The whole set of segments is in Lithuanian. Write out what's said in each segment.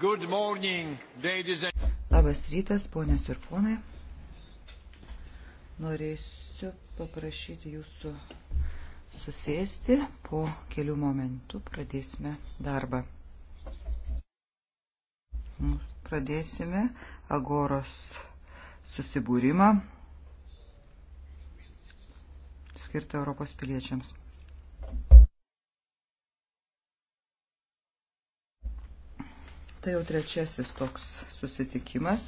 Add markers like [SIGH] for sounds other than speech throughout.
Good morning, ladies and... Labas rytas, ponios ir ponai. Norėsiu paprašyti jūsų susėsti. Po kelių momentų pradėsime darbą. Pradėsime Agoros susibūrimą skirtą Europos piliečiams. Tai jau trečiasis toks susitikimas.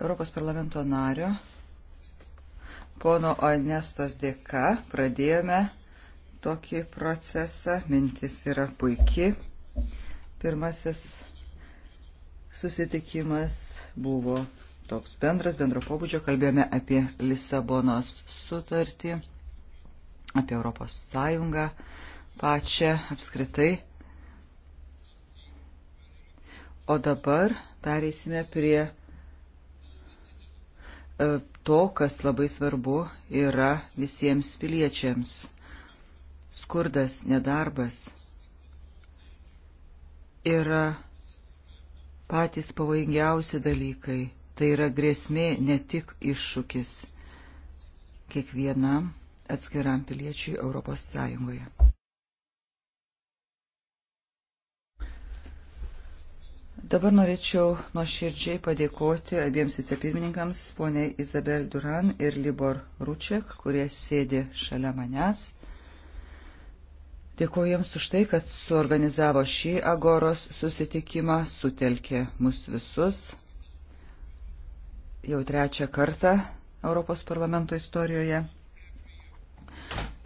Europos parlamento nario pono Onestos dėka pradėjome tokį procesą. Mintis yra puikiai. Pirmasis susitikimas buvo toks bendras, bendro pobūdžio. Kalbėjome apie Lisabonos sutartį apie Europos Sąjungą pačią apskritai. O dabar pereisime prie e, to, kas labai svarbu yra visiems piliečiams. Skurdas, nedarbas yra patys pavojingiausi dalykai. Tai yra grėsmė, ne tik iššūkis kiekvienam atskiram piliečiui Europos Sąjungoje. Dabar norėčiau nuoširdžiai padėkoti abiems vicepirmininkams, poniai Izabel Duran ir Libor Ručiak, kurie sėdi šalia manęs. Dėkuoju jiems už tai, kad suorganizavo šį agoros susitikimą, sutelkė mus visus. Jau trečią kartą Europos parlamento istorijoje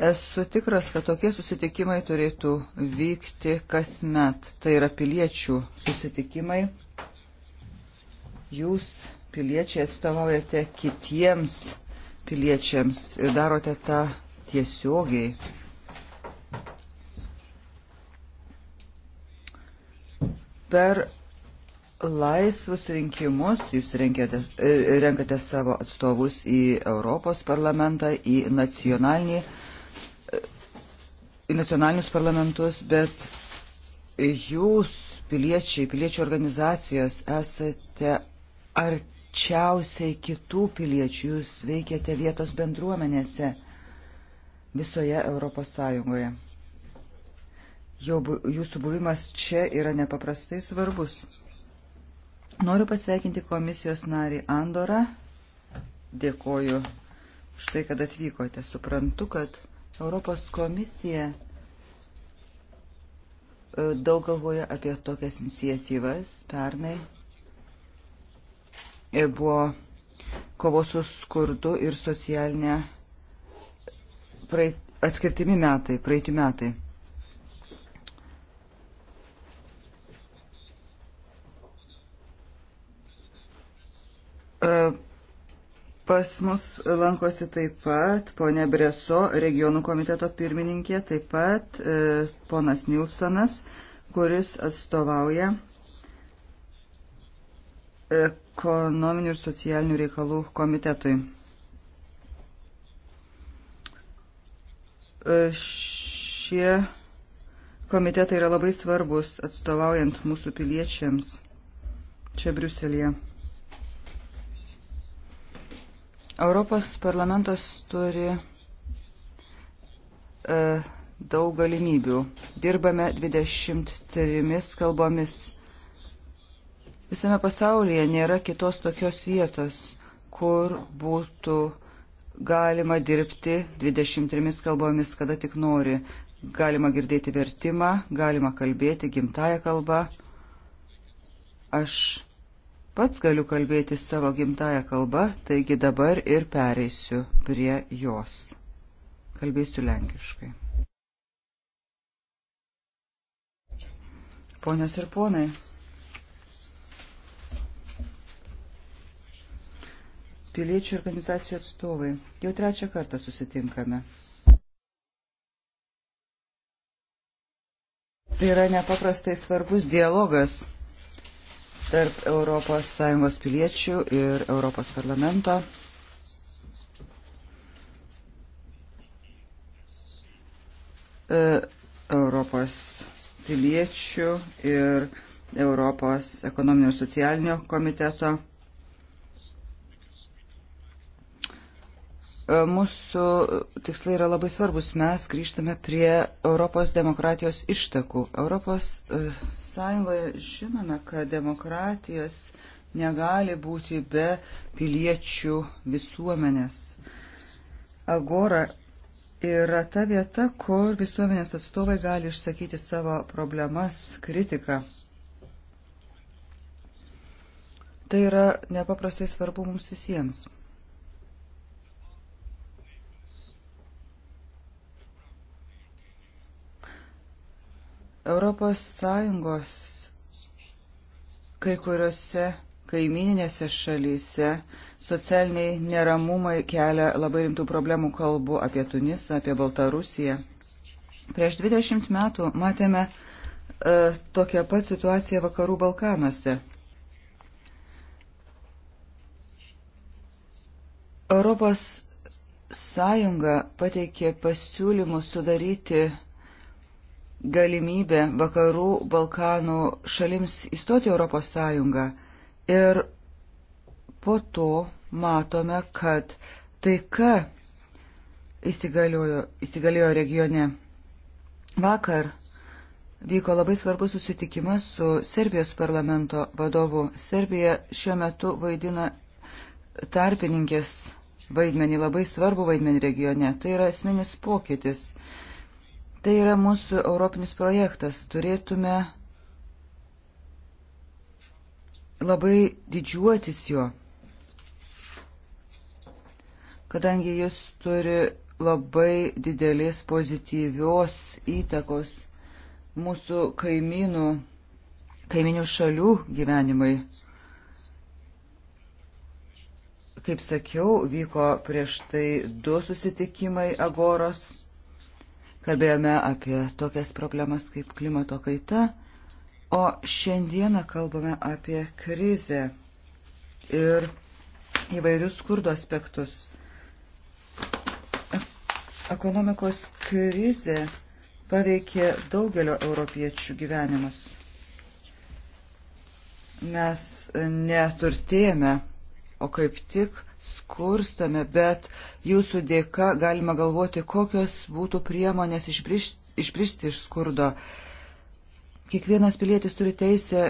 Esu tikras, kad tokie susitikimai turėtų vykti kasmet. Tai yra piliečių susitikimai. Jūs, piliečiai, atstovaujate kitiems piliečiams ir darote tą tiesiogiai. Per laisvus rinkimus, jūs renkate, e, renkate savo atstovus į Europos parlamentą, į, nacionalinį, e, į nacionalinius parlamentus, bet jūs, piliečiai, piliečių organizacijos, esate arčiausiai kitų piliečių, jūs veikiate vietos bendruomenėse visoje Europos Sąjungoje. Jo, jūsų buvimas čia yra nepaprastai svarbus. Noriu pasveikinti komisijos narį Andorą. Dėkoju už tai, kad atvykote. Suprantu, kad Europos komisija e, daug galvoja apie tokias inicijatyvas. Pernai e, buvo kovos su skurdu ir socialinė praeit, atskirtimi metai, praeiti metai. E, pas mus lankosi taip pat ponė Breso, regionų komiteto pirmininkė, taip pat e, ponas Nilsonas, kuris atstovauja ekonominių ir socialinių reikalų komitetui. E, šie komitetai yra labai svarbus atstovaujant mūsų piliečiams čia Briuselėje. Europos parlamentas turi uh, daug galimybių. Dirbame 23 kalbomis. Visame pasaulyje nėra kitos tokios vietos, kur būtų galima dirbti 23 kalbomis, kada tik nori. Galima girdėti vertimą, galima kalbėti gimtają kalbą. Aš Pats galiu kalbėti savo gimtają kalbą, taigi dabar ir pereisiu prie jos. Kalbėsiu lenkiškai. Ponios ir ponai, piliečių organizacijų atstovai, jau trečią kartą susitinkame. Tai yra nepaprastai svarbus dialogas tarp ES piliečių ir ES parlamento. E, Europos piliečių ir Europos ekonominio ir socialinio komiteto. E, mūsų tikslai yra labai svarbus. Mes grįžtame prie Europos demokratijos ištakų. Europos e, Sąjungoje žinome, kad demokratijos negali būti be piliečių visuomenės. Agora yra ta vieta, kur visuomenės atstovai gali išsakyti savo problemas, kritiką. Tai yra nepaprastai svarbu mums visiems. Europos Sąjungos kai kuriuose kaimininėse šalyse socialiniai neramumai kelia labai rimtų problemų kalbų apie Tunisą, apie Baltarusiją. Prieš 20 metų matėme e, tokią pat situaciją vakarų Balkanuose. Europos Sąjunga pateikė pasiūlymus sudaryti galimybė vakarų Balkanų šalims įstoti Europos Sąjungą ir po to matome, kad taika įsigaliojo regione. Vakar vyko labai svarbus susitikimas su Serbijos parlamento vadovu. Serbija šiuo metu vaidina tarpininkės vaidmenį, labai svarbu vaidmenį regione. Tai yra esminis pokytis. Tai yra mūsų europinis projektas. Turėtume labai didžiuotis jo, kadangi jis turi labai didelės pozityvios įtakos mūsų kaimynų, kaiminių šalių gyvenimai. Kaip sakiau, vyko prieš tai du susitikimai Agoros Kalbėjome apie tokias problemas kaip klimato kaita, o šiandieną kalbame apie krizę ir įvairius skurdo aspektus. Ekonomikos krizė paveikė daugelio europiečių gyvenimus. Mes neturtėjame, o kaip tik skurstame, bet jūsų dėka galima galvoti, kokios būtų priemonės išbristi iš skurdo. Kiekvienas pilietis turi teisę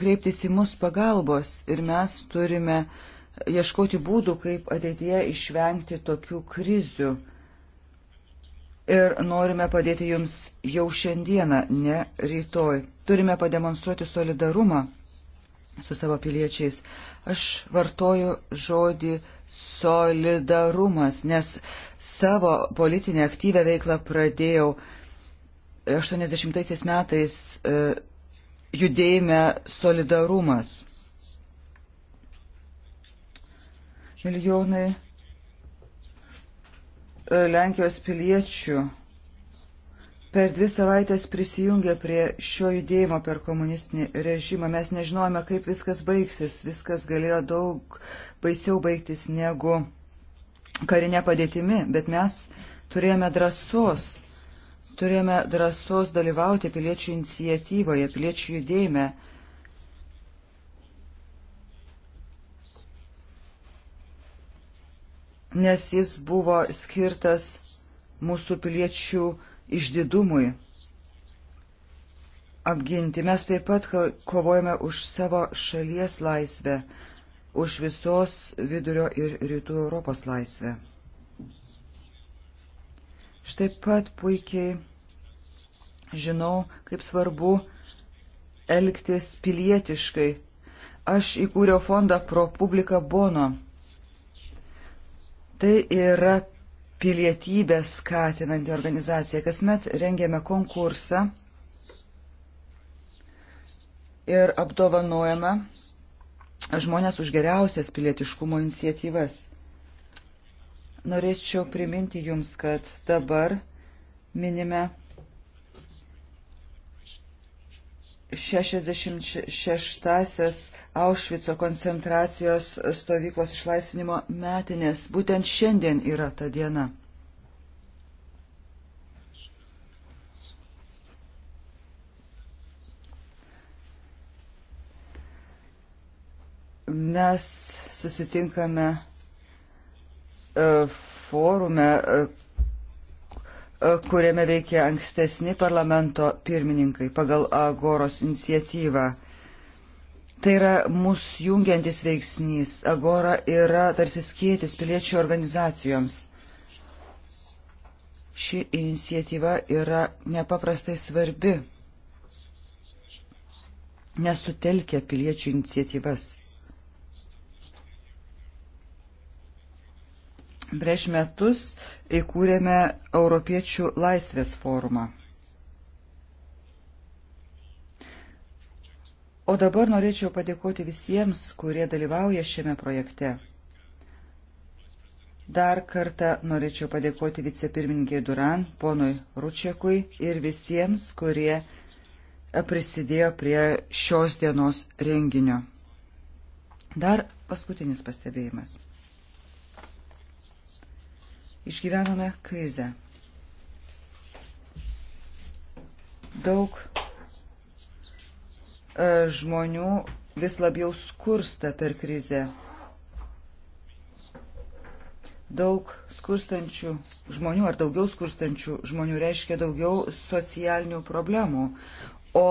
kreiptis į mus pagalbos ir mes turime ieškoti būdų, kaip ateityje išvengti tokių krizių. Ir norime padėti jums jau šiandieną, ne rytoj. Turime pademonstruoti solidarumą su savo piliečiais. Aš vartoju žodį solidarumas, nes savo politinę aktyvę veiklą pradėjau 80 metais e, judėjime solidarumas. Milijonai e, Lenkijos piliečių per dvi savaitės prisijungė prie šio judėjimo per komunistinį režimą. Mes nežinojame, kaip viskas baigsis. Viskas galėjo daug baisiau baigtis negu karinė padėtimi, bet mes turėjome drąsos. Turėjome drąsos dalyvauti piliečių inicijatyvoje, piliečių judėjime. Nes jis buvo skirtas mūsų piliečių išdidumui apginti. Mes taip pat kovojame už savo šalies laisvę, už visos vidurio ir rytų Europos laisvę. Štai pat puikiai žinau, kaip svarbu elgtis pilietiškai. Aš įkūriau fondą Pro Publica Bono. Tai yra pilietybę skatinanti organizacija. Kasmet rengėme konkursą ir apdovanojame žmonės už geriausias pilietiškumo iniciatyvas. Norėčiau priminti Jums, kad dabar minime 66-asias Aušvico koncentracijos stovyklos išlaisvinimo metinės. Būtent šiandien yra ta diena. Mes susitinkame e, forume, e, kuriame veikia ankstesni parlamento pirmininkai pagal Agoros iniciatyvą. Tai yra mūsų jungiantis veiksnys. Agora yra tarsi skėtis piliečių organizacijoms. Ši iniciatyva yra nepaprastai svarbi, nesutelkia piliečių iniciatyvas. Prieš metus įkūrėme Europiečių laisvės forumą. O dabar norėčiau padėkoti visiems, kurie dalyvauja šiame projekte. Dar kartą norėčiau padėkoti vicepirmininkiai Duran, ponui Ručiakui ir visiems, kurie prisidėjo prie šios dienos renginio. Dar paskutinis pastebėjimas. Išgyvenome krizę. Daug E, žmonių vis labiau skursta per krizę. Daug skurstančių žmonių ar daugiau skurstančių žmonių reiškia daugiau socialinių problemų, o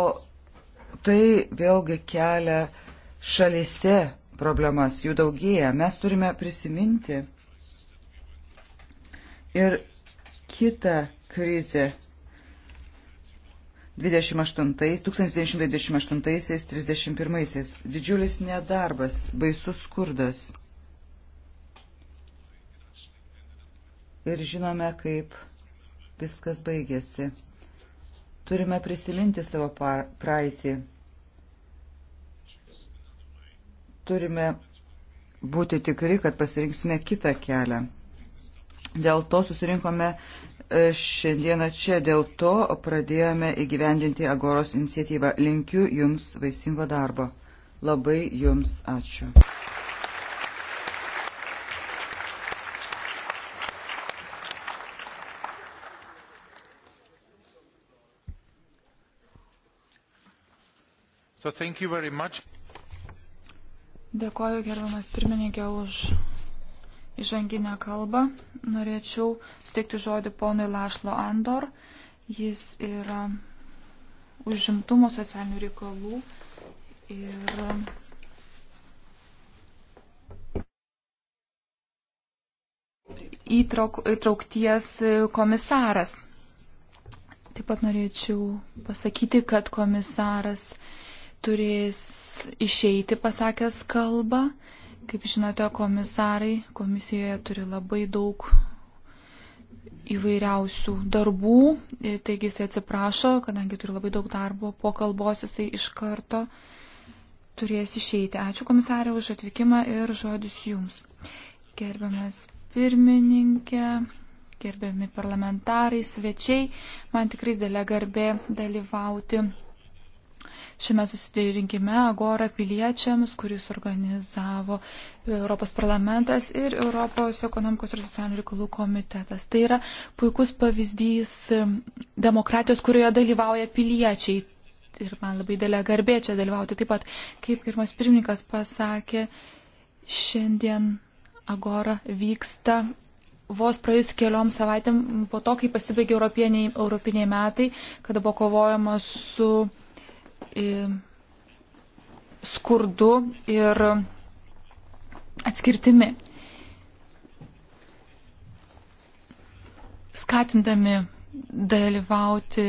tai vėlgi kelia šalise problemas, jų daugėja. Mes turime prisiminti ir kitą krizę, 1928-31. Didžiulis nedarbas, baisus skurdas. Ir žinome, kaip viskas baigėsi. Turime prisiminti savo praeitį. Turime būti tikri, kad pasirinksime kitą kelią. Dėl to susirinkome E, šiandieną čia. Dėl to pradėjome įgyvendinti Agoros iniciatyvą. Linkiu Jums vaisingo darbo. Labai Jums ačiū. So Dėkoju gerbamas pirmininkė už įžanginę kalbą. Norėčiau suteikti žodį ponui Lašlo Andor. Jis yra užimtumo socialinių reikalų ir. Įtrauk, įtraukties komisaras. Taip pat norėčiau pasakyti, kad komisaras turės išeiti pasakęs kalbą Kaip žinote, komisarai komisijoje turi labai daug įvairiausių darbų, e, taigi jis atsiprašo, kadangi turi labai daug darbo, po kalbos jisai iš karto turės išeiti. Ačiū komisarė už atvykimą ir žodis jums. Gerbiamas pirmininkė, gerbiami parlamentarai, svečiai, man tikrai dėlė garbė dalyvauti šiame susidėrinkime Agora piliečiams, kuris organizavo Europos parlamentas ir Europos ekonomikos ir socialinių reikalų komitetas. Tai yra puikus pavyzdys demokratijos, kurioje dalyvauja piliečiai. Ir man labai dėlė garbė čia dalyvauti. Taip pat, kaip pirmas pirmininkas pasakė, šiandien Agora vyksta vos praėjus keliom savaitėm po to, kai pasibaigė europiniai, europiniai metai, kada buvo kovojama su skurdu ir atskirtimi. Skatindami dalyvauti,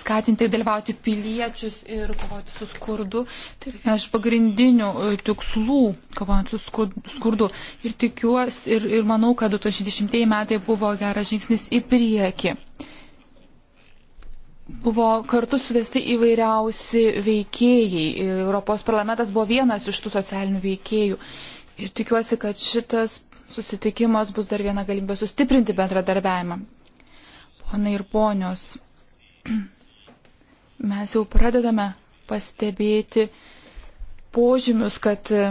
skatinti dalyvauti piliečius ir kovoti su skurdu, tai yra vienas iš pagrindinių e, tikslų kovojant su skurdu. Ir tikiuosi ir, ir manau, kad 2010 metai buvo geras žingsnis į priekį. Uh, Buvo kartu suvesti įvairiausi veikėjai. Europos parlamentas buvo vienas iš tų socialinių veikėjų. Ir tikiuosi, kad šitas susitikimas bus dar viena galimybė sustiprinti bendradarbiavimą. Ponai ir ponios, [CLEARS THROAT] mes jau pradedame pastebėti požymius, kad e,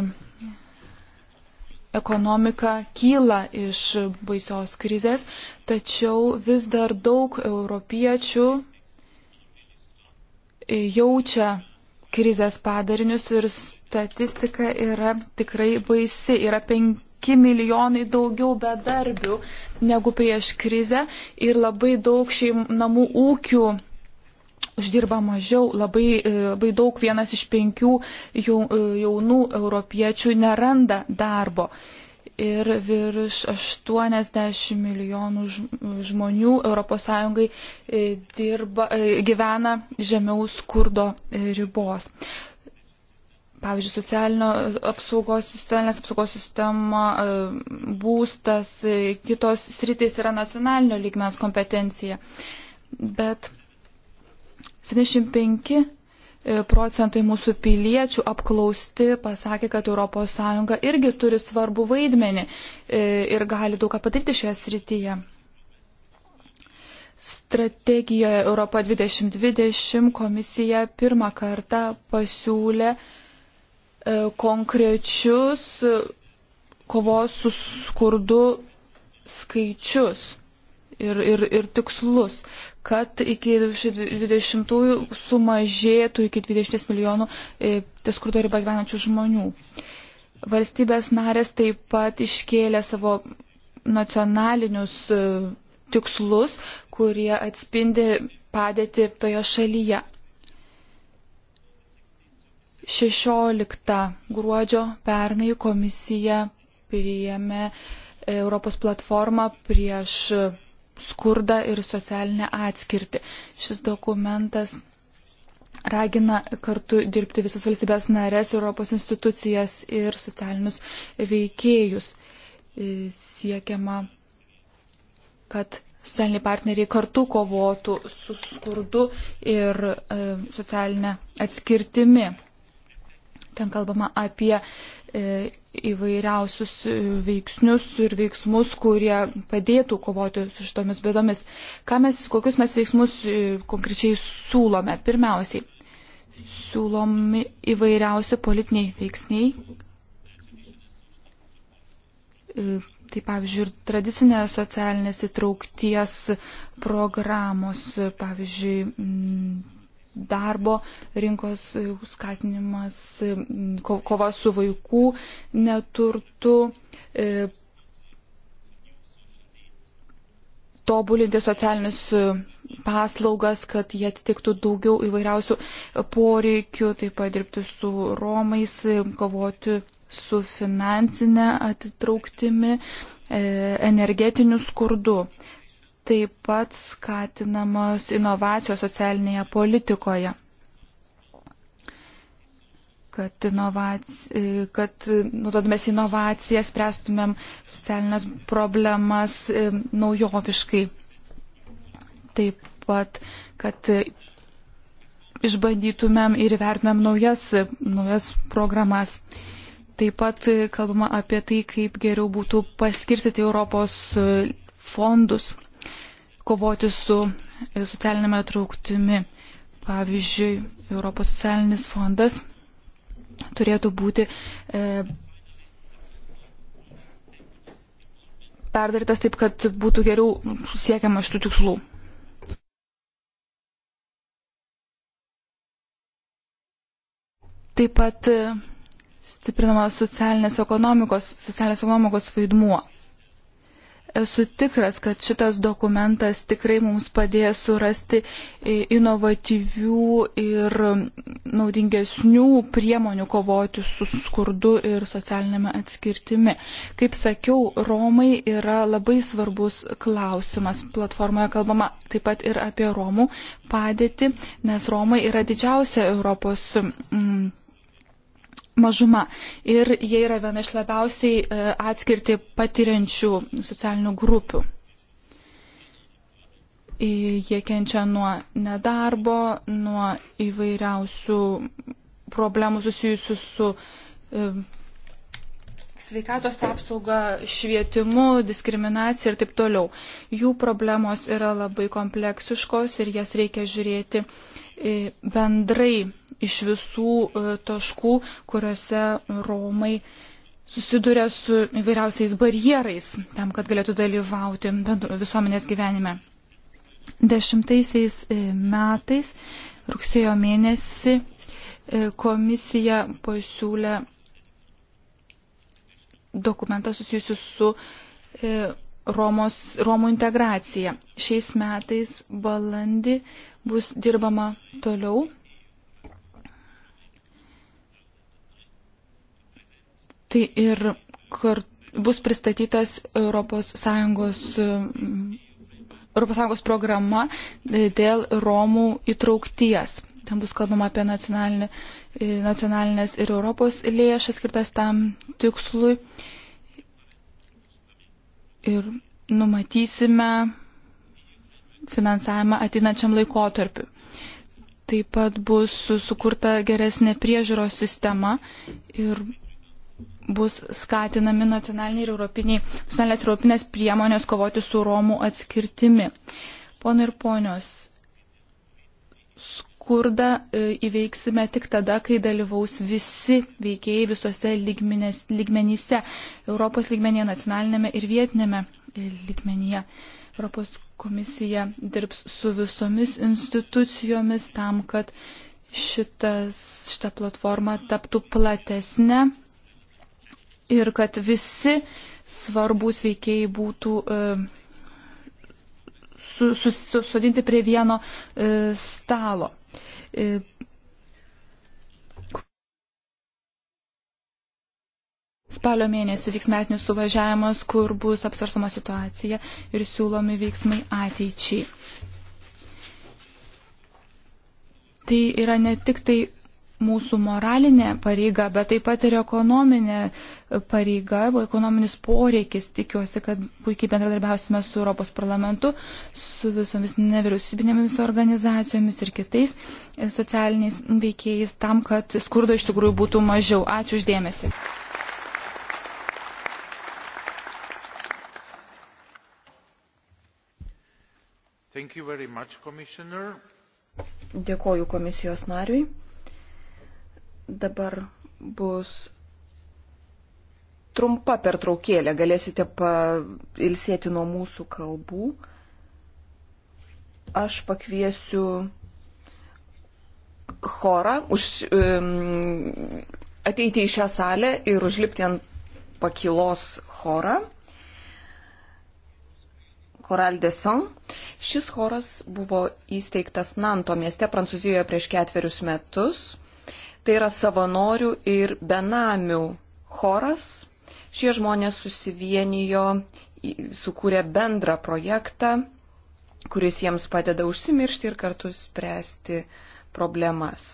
ekonomika kyla iš baisios krizės, tačiau vis dar daug europiečių jaučia krizės padarinius ir statistika yra tikrai baisi. Yra 5 milijonai daugiau bedarbių negu prieš krizę ir labai daug šeim namų ūkių uždirba mažiau. Labai, e, labai daug vienas iš penkių e, jaunų europiečių neranda darbo ir virš 80 milijonų žmonių ES e, dirba, e, gyvena žemiau skurdo e, ribos. Pavyzdžiui, socialinio apsaugos, socialinės apsaugos sistema, būstas, kitos sritys yra nacionalinio lygmens kompetencija. Bet 75 procentai mūsų piliečių apklausti pasakė, kad ES irgi turi svarbų vaidmenį e, ir gali daug ką padaryti šioje srityje. Strategijoje Europa 2020 komisija pirmą kartą pasiūlė e, konkrečius kovos su skurdu skaičius ir, ir, ir tikslus, kad iki 20 sumažėtų iki 20 milijonų e, skurdo ribą gyvenančių žmonių. Valstybės narės taip pat iškėlė savo nacionalinius e, tikslus, kurie atspindi padėti toje šalyje. 16 gruodžio pernai komisija priėmė Europos platformą prieš skurdą ir socialinę atskirtį. Šis dokumentas ragina kartu dirbti visas valstybės narės, Europos institucijas ir socialinius veikėjus. E, siekiama, kad socialiniai partneriai kartu kovotų su skurdu ir e, socialinė atskirtimi. Ten kalbama apie e, įvairiausius e, veiksnius ir veiksmus, kurie padėtų kovoti su šitomis bėdomis. Ką mes, kokius mes veiksmus e, konkrečiai siūlome? Pirmiausiai, siūlomi įvairiausi politiniai veiksniai. E, tai pavyzdžiui, ir tradicinės socialinės įtraukties programos, pavyzdžiui, darbo rinkos skatinimas, kova su vaikų neturtu, e, tobulinti socialinius paslaugas, kad jie atitiktų daugiau įvairiausių poreikių, taip pat dirbti su Romais, kovoti su finansinė atitrauktimi, e, energetiniu skurdu taip pat skatinamos inovacijos socialinėje politikoje. Kad, inovac... kad nuododomės inovaciją spręstumėm socialinės problemas naujoviškai. Taip pat, kad išbandytumėm ir vertumėm naujas, naujas programas. Taip pat kalbama apie tai, kaip geriau būtų paskirstyti Europos e, fondus kovoti su e, socialinėme trauktimi. Pavyzdžiui, Europos socialinis fondas turėtų būti e, perdarytas taip, kad būtų geriau siekiama šitų tikslų. Taip pat e, stiprinamas socialinės ekonomikos, socialinės ekonomikos vaidmuo esu tikras, kad šitas dokumentas tikrai mums padės surasti e, inovatyvių ir naudingesnių priemonių kovoti su skurdu ir socialinėme atskirtimi. Kaip sakiau, Romai yra labai svarbus klausimas. Platformoje kalbama taip pat ir apie Romų padėtį, nes Romai yra didžiausia Europos. Mm, mažuma ir jie yra viena iš labiausiai e, atskirti patiriančių socialinių grupių. E, jie kenčia nuo nedarbo, nuo įvairiausių problemų susijusių su e, sveikatos apsauga, švietimu, diskriminacija ir taip toliau. Jų problemos yra labai kompleksiškos ir jas reikia žiūrėti E, bendrai iš visų e, taškų, kuriuose Romai susiduria su įvairiausiais barjerais tam, kad galėtų dalyvauti visuomenės gyvenime. Dešimtaisiais e, metais, rugsėjo mėnesį, komisija pasiūlė dokumentą susijusiu su Romos, Romų integraciją. Šiais metais balandį bus dirbama toliau. Tai ir kart, bus pristatytas ES, ES programa dėl Romų įtraukties. Ten bus kalbama apie nacionalinės ir Europos lėšas skirtas tam tikslui ir numatysime finansavimą ateinančiam laikotarpiu. Taip pat bus sukurta geresnė priežiūros sistema ir bus skatinami nacionaliniai ir europiniai, nacionalinės ir europinės priemonės kovoti su Romų atskirtimi. Pona ir ponios, skurdą e, įveiksime tik tada, kai dalyvaus visi veikėjai visose lygmenės, lygmenyse - Europos lygmenyje, nacionalinėme ir vietinėme e, lygmenyje. Europos komisija dirbs su visomis institucijomis tam, kad šitas, šita platforma taptų platesnė ir kad visi svarbus veikėjai būtų e, susodinti prie vieno stalo. E, spalio mėnesį vyks metinis suvažiavimas, kur bus apsvarstama situacija ir siūlomi veiksmai ateičiai. Tai yra ne tik tai mūsų moralinė pareiga, bet taip pat ir ekonominė pareiga, ekonominis poreikis. Tikiuosi, kad puikiai bendradarbiausime su Europos parlamentu, su visomis nevyriausybinėmis organizacijomis ir kitais socialiniais veikėjais tam, kad skurdo iš tikrųjų būtų mažiau. Ačiū uždėmesi. Much, Dėkoju komisijos nariui. Dabar bus trumpa pertraukėlė, galėsite pailsėti nuo mūsų kalbų. Aš pakviesiu chorą už, um, ateiti į šią salę ir užlipti ant pakilos chorą. Choral de Son. Šis choras buvo įsteigtas Nanto mieste Prancūzijoje prieš ketverius metus Tai yra savanorių ir benamių choras. Šie žmonės susivienijo, sukūrė bendrą projektą, kuris jiems padeda užsimiršti ir kartu spręsti problemas.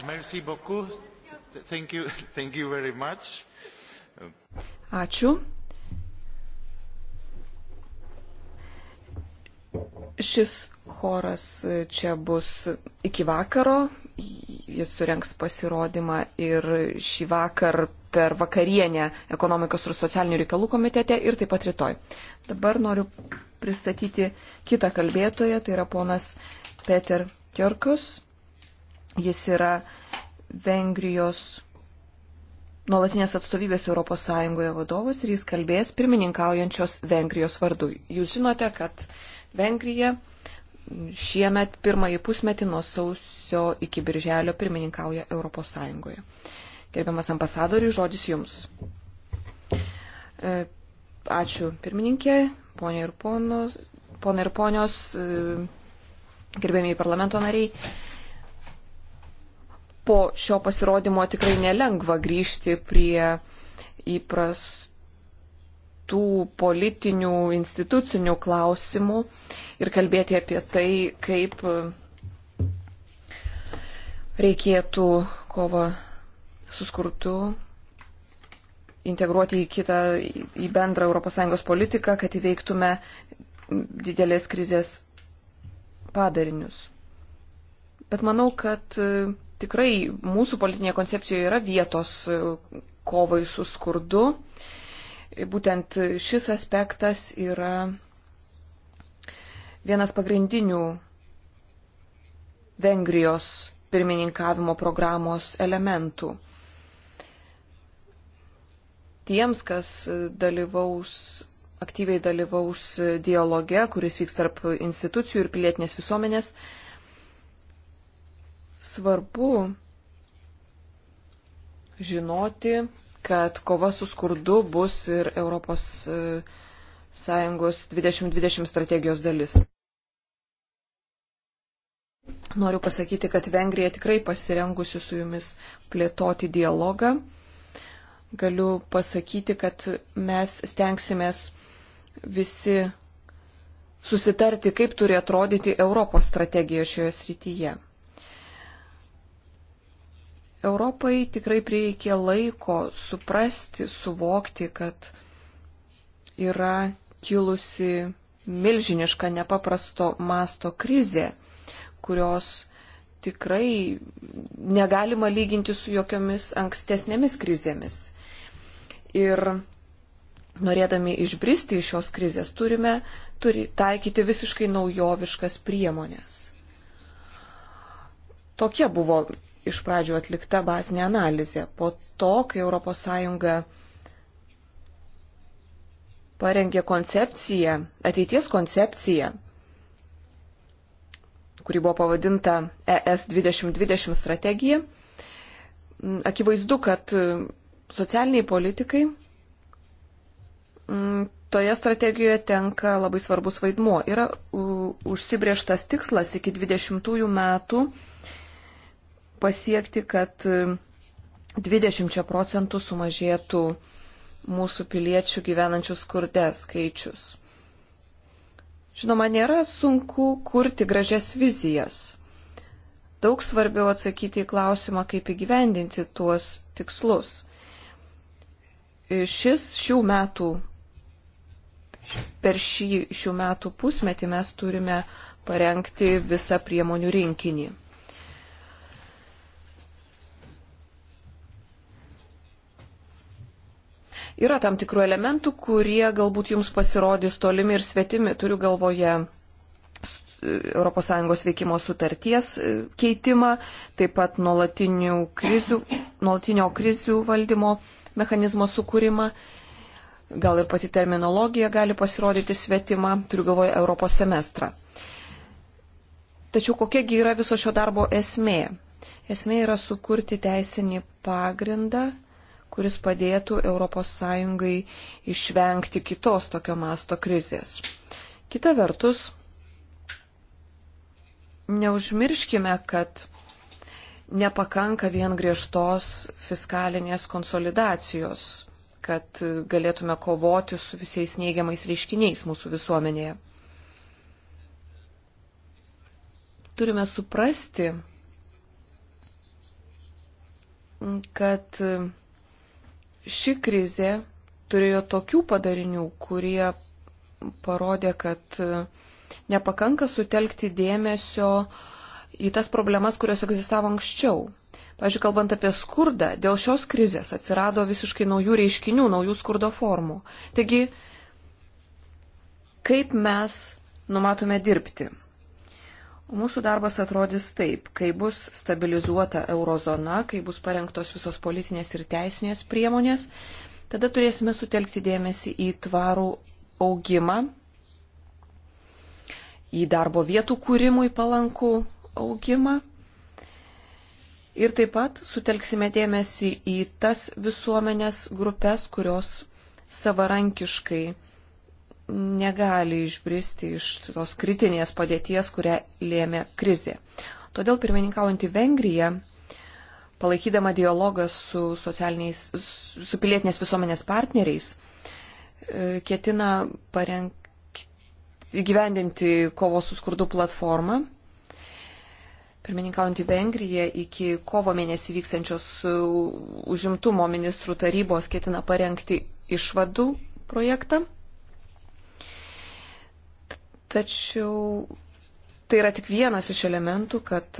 So merci beaucoup. Thank you, thank you very much. Ačiū. Šis choras čia bus iki vakaro. Jis surenks pasirodymą ir šį vakar per vakarienę ekonomikos ir socialinių reikalų komitete ir taip pat rytoj. Dabar noriu pristatyti kitą kalbėtoją, tai yra ponas Peter Tjorkus. Jis yra Vengrijos nuolatinės atstovybės ES vadovas ir jis kalbės pirmininkaujančios Vengrijos vardu. Jūs žinote, kad Vengrija šiemet pirmąjį pusmetį nuo sausio iki birželio pirmininkauja ES. Gerbiamas ambasadoriui, žodis jums. E, ačiū pirmininkė, ponė ir, ponos, ponė ir ponios, e, gerbėmiai parlamento nariai po šio pasirodymo tikrai nelengva grįžti prie įprastų politinių, institucinių klausimų ir kalbėti apie tai, kaip reikėtų kovą su skurtu integruoti į kitą, į bendrą ES politiką, kad įveiktume didelės krizės padarinius. Bet manau, kad tikrai mūsų politinėje koncepcijoje yra vietos e, kovai su skurdu. E, būtent šis aspektas yra vienas pagrindinių Vengrijos pirmininkavimo programos elementų. Tiems, kas dalyvaus, aktyviai dalyvaus dialoge, kuris vyks tarp institucijų ir pilietinės visuomenės, uh, Svarbu žinoti, kad kova su skurdu bus ir Europos e, Sąjungos 2020 strategijos dalis. Noriu pasakyti, kad Vengrija tikrai pasirengusi su jumis plėtoti dialogą. Galiu pasakyti, kad mes stengsimės visi susitarti, kaip turi atrodyti Europos strategija šioje srityje. Europai tikrai prireikė laiko suprasti, suvokti, kad yra kilusi milžiniška nepaprasto masto krizė, kurios tikrai negalima lyginti su jokiomis ankstesnėmis krizėmis. Ir norėdami išbristi iš šios krizės turime turi taikyti visiškai naujoviškas priemonės. Tokie buvo iš pradžių atlikta bazinė analizė. Po to, kai ES parengė koncepciją, ateities koncepciją, kuri buvo pavadinta ES 2020 strategija, akivaizdu, kad socialiniai politikai toje strategijoje tenka labai svarbus vaidmuo. Yra užsibrieštas tikslas iki 20 metų pasiekti, kad 20 e, procentų sumažėtų mūsų piliečių gyvenančių skurde skaičius. Žinoma, nėra sunku kurti gražias vizijas. Daug svarbiau atsakyti į klausimą, kaip įgyvendinti tuos tikslus. E, šis šių metų, per šį šių metų pusmetį mes turime parengti visą priemonių rinkinį. Yra tam tikrų elementų, kurie galbūt jums pasirodys tolimi ir svetimi. Turiu galvoje ES veikimo sutarties e, keitimą, taip pat krizių, nuolatinio krizių valdymo mechanizmo sukūrimą. Gal ir pati terminologija gali pasirodyti svetima, turiu galvoje Europos semestrą. Tačiau kokiagi yra viso šio darbo esmė? Esmė yra sukurti teisinį pagrindą kuris padėtų ES išvengti kitos tokio masto krizės. Kita vertus, neužmirškime, kad nepakanka vien griežtos fiskalinės konsolidacijos, kad galėtume kovoti su visais neigiamais reiškiniais mūsų visuomenėje. Turime suprasti, kad ši krizė turėjo tokių padarinių, kurie parodė, kad e, nepakanka sutelkti dėmesio į tas problemas, kurios egzistavo anksčiau. Pavyzdžiui, kalbant apie skurdą, dėl šios krizės atsirado visiškai naujų reiškinių, naujų skurdo formų. Taigi, kaip mes numatome dirbti? Mūsų darbas atrodys taip, kai bus stabilizuota eurozona, kai bus parengtos visos politinės ir teisinės priemonės, tada turėsime sutelkti dėmesį į tvarų augimą, į darbo vietų kūrimui palankų augimą. Ir taip pat sutelksime dėmesį į tas visuomenės grupės, kurios savarankiškai negali išbristi iš tos kritinės padėties, kurią lėmė krizė. Todėl pirmininkaujantį Vengriją, palaikydama dialogą su, su pilietinės visuomenės partneriais, e, ketina parengti, įgyvendinti kovos su skurdu platformą Pirmininkaujantį Vengriją iki kovo mėnesį vykstančios užimtumo ministrų tarybos ketina parengti išvadų projektą. Tačiau tai yra tik vienas iš elementų, kad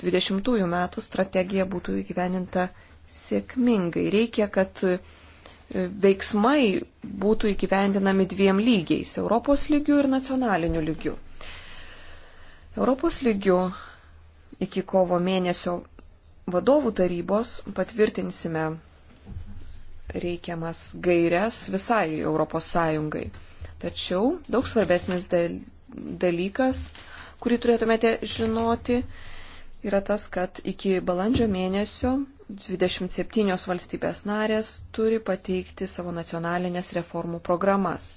20 metų strategija būtų įgyveninta sėkmingai. Reikia, kad veiksmai būtų įgyvendinami dviem lygiais - Europos lygių ir nacionalinių lygių. Europos lygių iki kovo mėnesio vadovų tarybos patvirtinsime reikiamas gairias visai Europos Sąjungai. Tačiau daug svarbesnis dalykas, kurį turėtumėte žinoti, yra tas, kad iki balandžio mėnesio 27 valstybės narės turi pateikti savo nacionalinės reformų programas.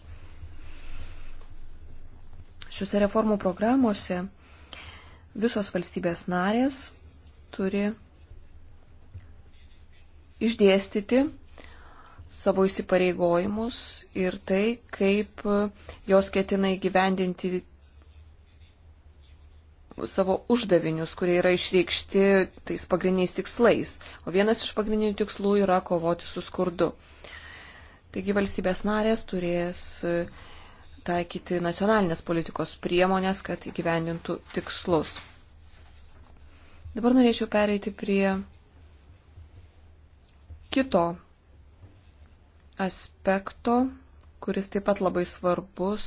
Šiuose reformų programuose visos valstybės narės turi išdėstyti savo įsipareigojimus ir tai, kaip e, jos ketina įgyvendinti savo uždavinius, kurie yra išreikšti tais pagrindiniais tikslais. O vienas iš pagrindinių tikslų yra kovoti su skurdu. Taigi valstybės narės turės e, taikyti nacionalinės politikos priemonės, kad įgyvendintų tikslus. Dabar norėčiau pereiti prie kito aspekto, kuris taip pat labai svarbus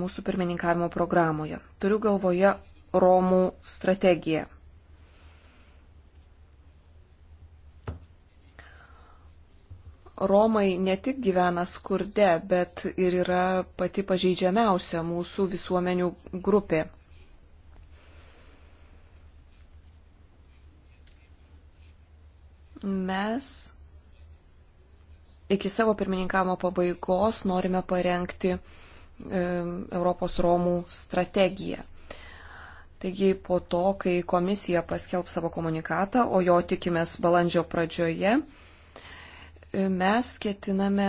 mūsų pirmininkavimo programoje. Turiu galvoje Romų strategiją. Romai ne tik gyvena skurde, bet ir yra pati pažeidžiamiausia mūsų visuomenių grupė. Mes iki savo pirmininkamo pabaigos norime parengti e, Europos Romų strategiją. Taigi po to, kai komisija paskelb savo komunikatą, o jo tikimės balandžio pradžioje, e, mes ketiname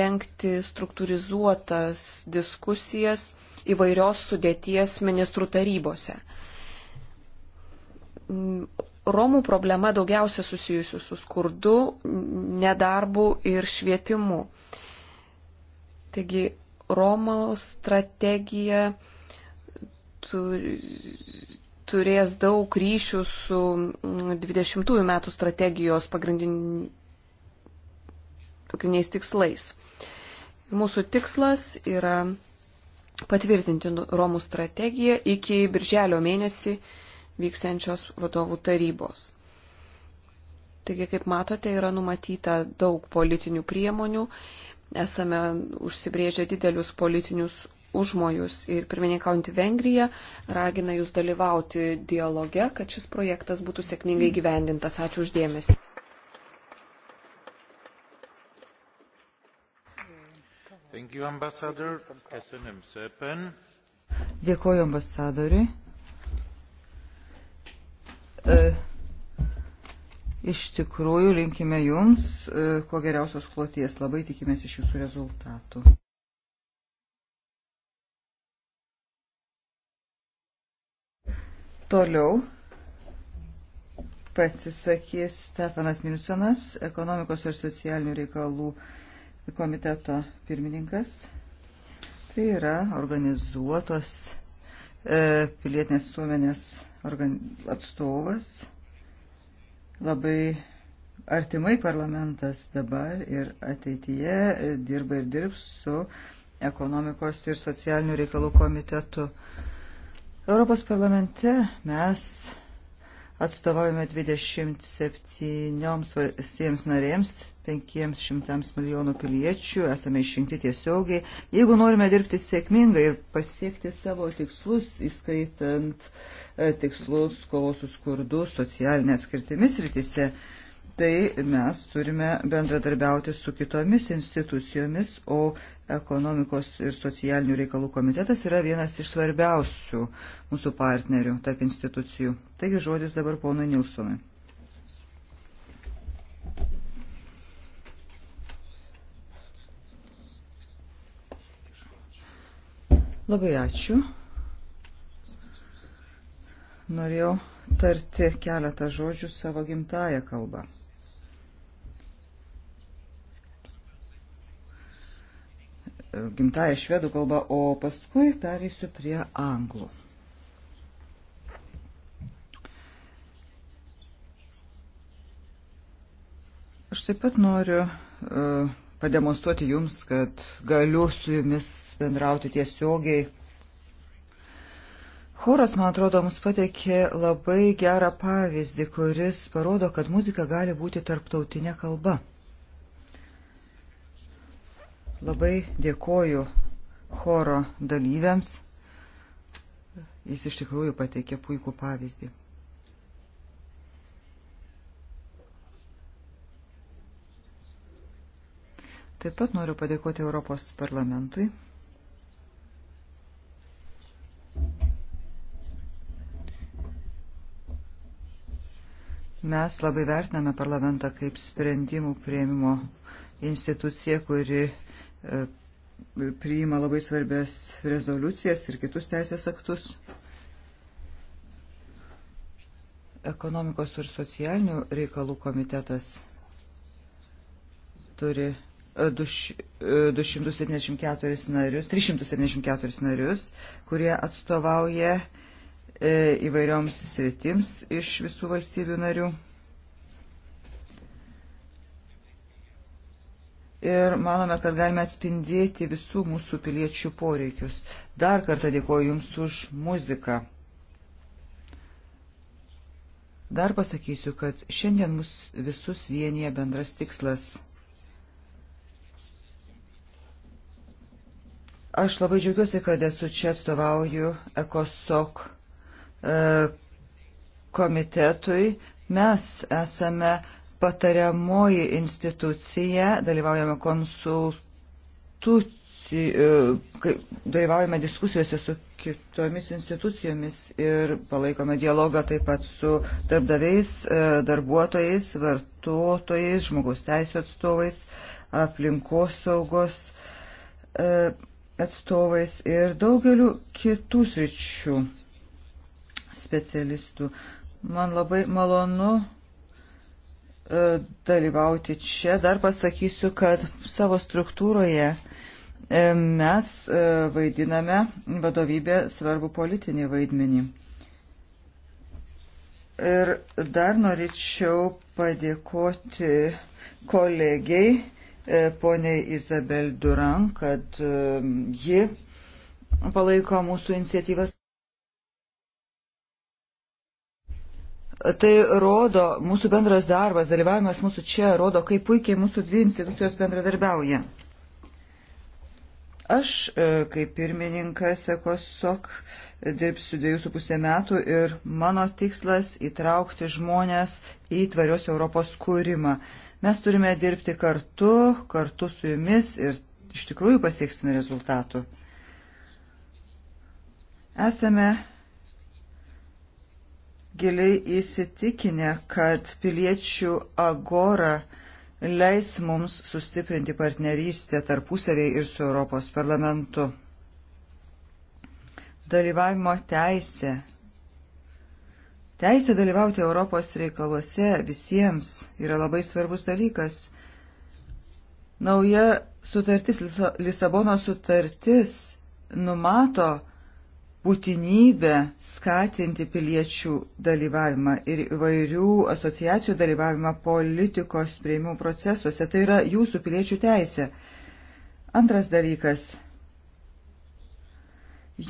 renkti struktūrizuotas diskusijas įvairios sudėties ministrų tarybose Romų problema daugiausia susijusi su skurdu, nedarbu ir švietimu. Taigi Romo strategija turės daug ryšių su 20-ųjų mm, metų strategijos pagrindiniais tikslais. Mūsų tikslas yra patvirtinti Romų strategiją iki birželio mėnesį vyksiančios vadovų tarybos. Taigi, kaip matote, yra numatyta daug politinių priemonių, esame užsibrėžę didelius politinius užmojus ir pirmininkaujantį Vengriją ragina jūs dalyvauti dialoge, kad šis projektas būtų sėkmingai gyvendintas. Ačiū uždėmesi. Dėkuoju ambasadoriui. E, iš tikrųjų, linkime Jums e, kuo geriausios kloties. Labai tikimės iš Jūsų rezultatų. Toliau pasisakys Stefanas Nilsonas, ekonomikos ir socialinių reikalų komiteto pirmininkas. Tai yra organizuotos e, pilietinės suomenės organ... atstovas. Labai artimai parlamentas dabar ir ateityje dirba ir dirbs su ekonomikos ir socialinių reikalų komitetu. Europos parlamente mes atstovaujame 27 valstybėms narėms, 500 milijonų piliečių, esame išrinkti tiesiogiai. Jeigu norime dirbti sėkmingai ir pasiekti savo tikslus, įskaitant e, tikslus kovos su skurdu, socialinės skirtimis rytise, tai mes turime bendradarbiauti su kitomis institucijomis, o ekonomikos ir socialinių reikalų komitetas yra vienas iš svarbiausių mūsų partnerių tarp institucijų. Taigi žodis dabar ponui Nilsonui. Labai ačiū. Norėjau tarti keletą žodžių savo gimtają kalbą. Gimtają švedų kalbą, o paskui pereisiu prie anglų. Aš taip pat noriu uh, pademonstruoti jums, kad galiu su jumis bendrauti tiesiogiai. Choras, man atrodo, mums pateikė labai gerą pavyzdį, kuris parodo, kad muzika gali būti tarptautinė kalba. Labai dėkoju choro dalyviams. Jis iš tikrųjų pateikė puikų pavyzdį. Taip pat noriu padėkoti Europos parlamentui. Mes labai vertiname parlamentą kaip sprendimų prieimimo instituciją, kuri e, priima labai svarbės rezoliucijas ir kitus teisės aktus. Ekonomikos ir socialinių reikalų komitetas turi 274 narius, 374 narius, kurie atstovauja e, įvairioms sritims iš visų valstybių narių. ir manome, kad galime atspindėti visų mūsų piliečių poreikius. Dar kartą dėkoju Jums už muziką. Dar pasakysiu, kad šiandien mus visus vienyje bendras tikslas – Aš labai džiaugiuosi, kad esu čia atstovauju ECOSOC e, komitetui. Mes esame patariamoji institucija, dalyvaujame konsultacijų, e, dalyvaujame diskusijose su kitomis institucijomis ir palaikome dialogą taip pat su darbdaviais, e, darbuotojais, vartotojais, žmogaus teisų atstovais, aplinkosaugos saugos atstovais ir daugeliu kitų sričių specialistų. Man labai malonu e, dalyvauti čia. Dar pasakysiu, kad savo struktūroje e, mes e, vaidiname vadovybę svarbu politinį vaidmenį. Ir dar norėčiau padėkoti kolegiai E, poniai Izabel Duran, kad e, ji palaiko mūsų iniciatyvas. Tai rodo, mūsų bendras darbas, dalyvavimas mūsų čia rodo, kaip puikiai mūsų dvi institucijos bendradarbiauja. Aš e, kaip pirmininkas ECOSOC dirbsiu dviejų su pusė metų ir mano tikslas įtraukti žmonės į tvarios Europos kūrimą. Mes turime dirbti kartu, kartu su jumis ir iš tikrųjų pasieksime rezultatų. Esame giliai įsitikinę, kad piliečių agora leis mums sustiprinti partnerystę tarpusavėje ir su Europos parlamentu. Dalyvavimo teisė Teisė dalyvauti Europos reikaluose visiems yra labai svarbus dalykas. Nauja sutartis, Lisabono sutartis numato būtinybę skatinti piliečių dalyvavimą ir įvairių asociacijų dalyvavimą politikos prieimimų procesuose. Tai yra jūsų piliečių teisė. Antras dalykas.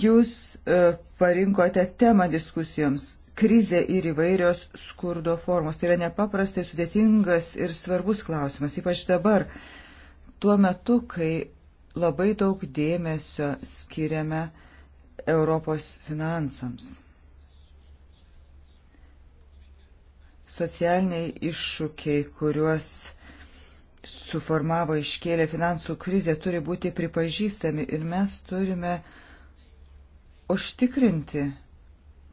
Jūs e, parinkote temą diskusijoms krizė ir įvairios skurdo formos. Tai yra nepaprastai sudėtingas ir svarbus klausimas, ypač dabar, tuo metu, kai labai daug dėmesio skiriame Europos finansams. Socialiniai iššūkiai, kuriuos suformavo iškėlė finansų krizė, turi būti pripažįstami ir mes turime užtikrinti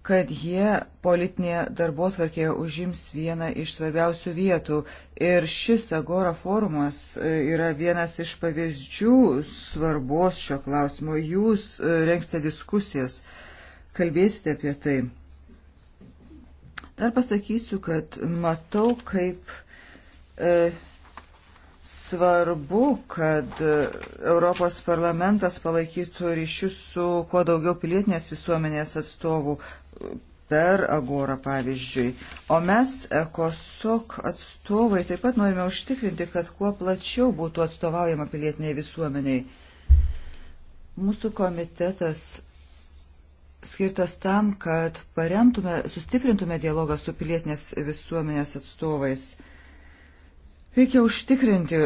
kad jie politinėje darbo tvarkėje užims vieną iš svarbiausių vietų. Ir šis Agora forumas e, yra vienas iš pavyzdžių svarbos šio klausimo. Jūs e, rengsite diskusijas, kalbėsite apie tai. Dar pasakysiu, kad matau, kaip e, svarbu, kad e, Europos parlamentas palaikytų ryšius su kuo daugiau pilietinės visuomenės atstovų per agorą pavyzdžiui. O mes, ekosok atstovai, taip pat norime užtikrinti, kad kuo plačiau būtų atstovaujama pilietiniai visuomeniai. Mūsų komitetas skirtas tam, kad paremtume, sustiprintume dialogą su pilietinės visuomenės atstovais. Reikia užtikrinti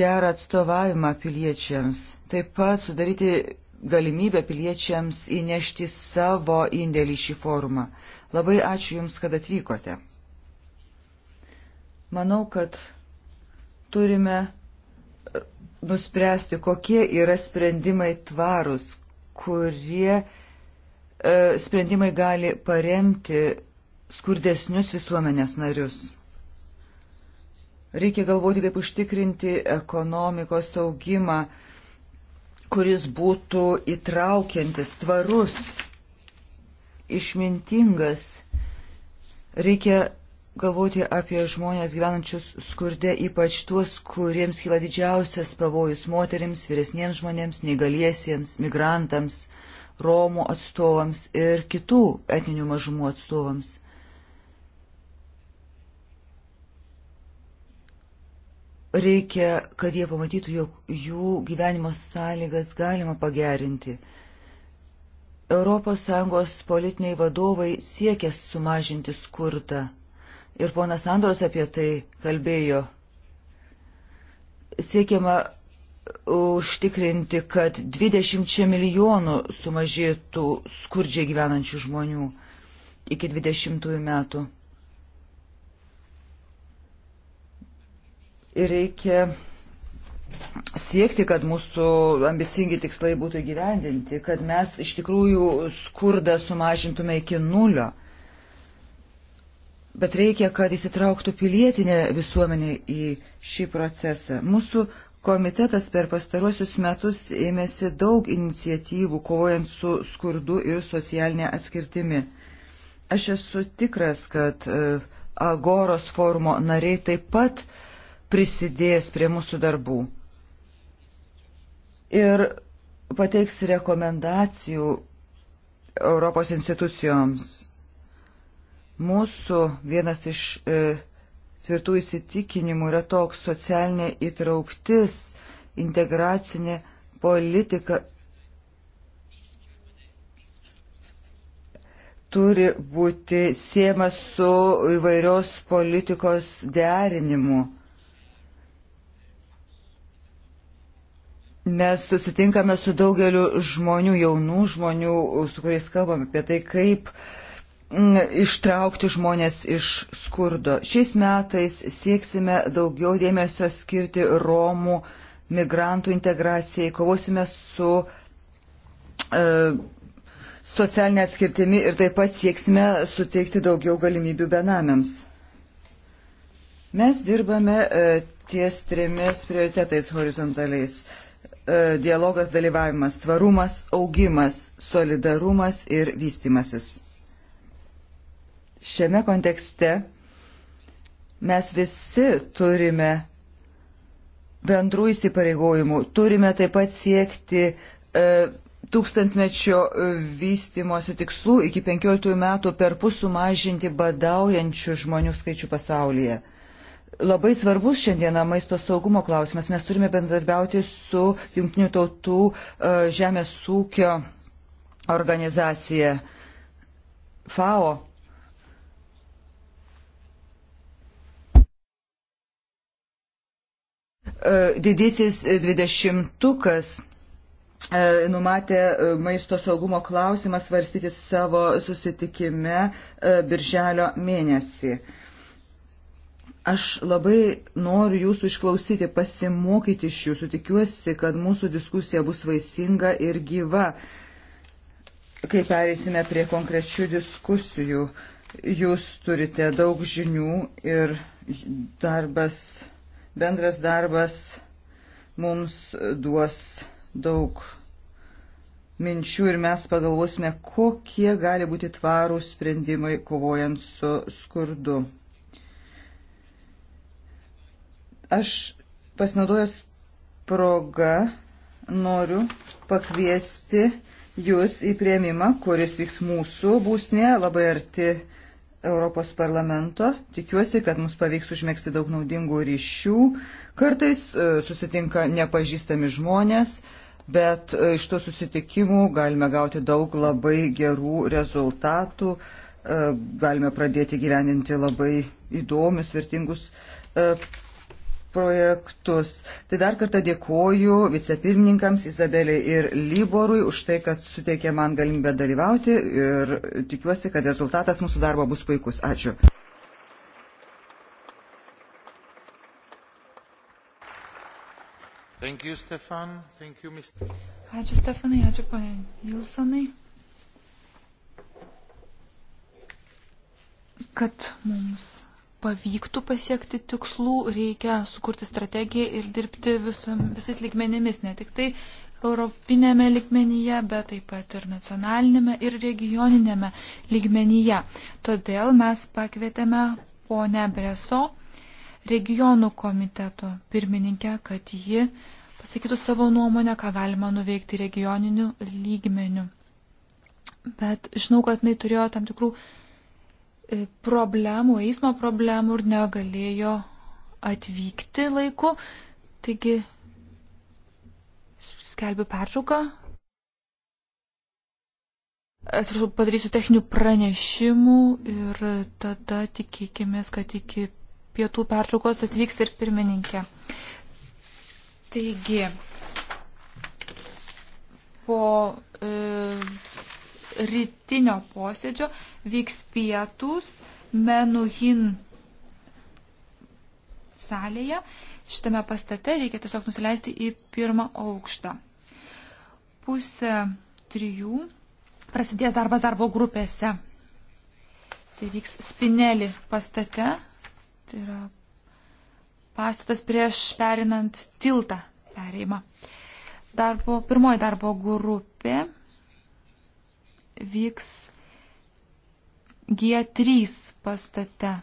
gerą atstovavimą piliečiams, taip pat sudaryti galimybę piliečiams įnešti savo indėlį šį forumą. Labai ačiū Jums, kad atvykote. Manau, kad turime e, nuspręsti, kokie yra sprendimai tvarus, kurie e, sprendimai gali paremti skurdesnius visuomenės narius. Reikia galvoti, kaip užtikrinti ekonomikos augimą, kuris būtų įtraukiantis, tvarus, išmintingas. Reikia galvoti apie žmonės gyvenančius skurde, ypač tuos, kuriems kyla didžiausias pavojus moterims, vyresniems žmonėms, negaliesiems, migrantams, Romų atstovams ir kitų etninių mažumų atstovams. Reikia, kad jie pamatytų, jog jų gyvenimo sąlygas galima pagerinti. ES politiniai vadovai siekia sumažinti skurdą. Ir ponas Andoras apie tai kalbėjo. Siekiama užtikrinti, kad 20 milijonų sumažėtų skurdžiai gyvenančių žmonių iki 20 metų. ir reikia siekti, kad mūsų ambicingi tikslai būtų gyvendinti, kad mes iš tikrųjų skurdą sumažintume iki nulio. Bet reikia, kad įsitrauktų pilietinė visuomenė į šį procesą. Mūsų komitetas per pastaruosius metus ėmėsi daug iniciatyvų kovojant su skurdu ir socialinė atskirtimi. Aš esu tikras, kad e, Agoros forumo nariai taip pat uh, prisidės prie mūsų darbų ir pateiks rekomendacijų Europos institucijoms. Mūsų vienas iš e, tvirtų įsitikinimų yra toks socialinė įtrauktis, integracinė politika turi būti siema su įvairios politikos derinimu. Mes susitinkame su daugeliu žmonių, jaunų žmonių, su kuriais kalbame apie tai, kaip m, mm, ištraukti žmonės iš skurdo. Šiais metais sieksime daugiau dėmesio skirti Romų migrantų integracijai, kovosime su e, socialinė atskirtimi ir taip pat sieksime suteikti daugiau galimybių benamiams. Mes dirbame e, ties trimis prioritetais horizontaliais E, dialogas, dalyvavimas, tvarumas, augimas, solidarumas ir vystimasis. Šiame kontekste mes visi turime bendrų įsipareigojimų, turime taip pat siekti e, tūkstantmečio vystimosi tikslų iki 15 metų per pusų mažinti badaujančių žmonių skaičių pasaulyje labai svarbus šiandieną maisto saugumo klausimas. Mes turime bendarbiauti su Junktinių tautų e, žemės ūkio organizacija FAO. E, didysis dvidešimtukas e, numatė maisto saugumo klausimą svarstyti savo susitikime birželio mėnesį. Aš labai noriu jūsų išklausyti, pasimokyti iš jūsų. Tikiuosi, kad mūsų diskusija bus vaisinga ir gyva, kai perėsime prie konkrečių diskusijų. Jūs turite daug žinių ir darbas, bendras darbas mums duos daug minčių ir mes pagalvosime, kokie gali būti tvarūs sprendimai kovojant su skurdu. Aš pasinaudojęs progą noriu pakviesti jūs į prieimimą, kuris vyks mūsų būsnėje labai arti Europos parlamento. Tikiuosi, kad mums pavyks užmėgsti daug naudingų ryšių. Kartais e, susitinka nepažįstami žmonės, bet e, iš to susitikimų galime gauti daug labai gerų rezultatų, e, galime pradėti gyveninti labai įdomius, vertingus projektus. Tai dar kartą dėkoju vicepirmininkams Izabeliai ir Lyborui už tai, kad suteikė man galimybę dalyvauti ir tikiuosi, kad rezultatas mūsų darbo bus puikus. Ačiū. Thank you, Stefan. Thank you, Mr. Ačiū Stefanai, ačiū ponė Nilsonai, kad mums pavyktų pasiekti tikslų, reikia sukurti strategiją ir dirbti visom, visais ligmenimis, ne tik tai europinėme ligmenyje, bet taip pat ir nacionalinėme ir regioninėme ligmenyje. Todėl mes pakvietėme ponę Breso, regionų komiteto pirmininkę, kad ji pasakytų savo nuomonę, ką galima nuveikti regioniniu lygmeniu. Bet žinau, kad jinai turėjo tam tikrų E, problemų, eismo problemų ir negalėjo atvykti laiku. Taigi skelbiu pertrauką. Atsiprašau, padarysiu techninių pranešimų ir tada tikėkime, kad iki pietų pertraukos atvyks ir pirmininkė. Taigi, po e, rytinio posėdžio vyks pietus Menuhin salėje. Šitame pastate reikia tiesiog nusileisti į pirmą aukštą. Pusę trijų prasidės darbas darbo grupėse. Tai vyks spinelį pastate. Tai yra pastatas prieš perinant tiltą pereimą. Darbo, pirmoji darbo grupė vyks G3 pastate.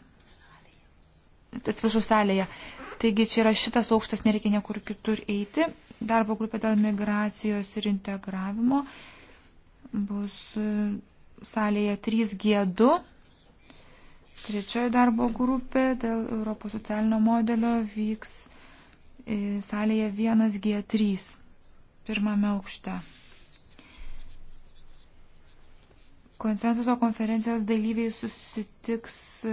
Atsiprašau, salėje. Taigi čia yra šitas aukštas, nereikia niekur kitur eiti. Darbo grupė dėl migracijos ir integravimo bus e, salėje 3G2. Trečioji darbo grupė dėl Europos socialinio modelio vyks e, salėje 1G3 pirmame aukšte. Konsensuso konferencijos dalyviai susitiks e,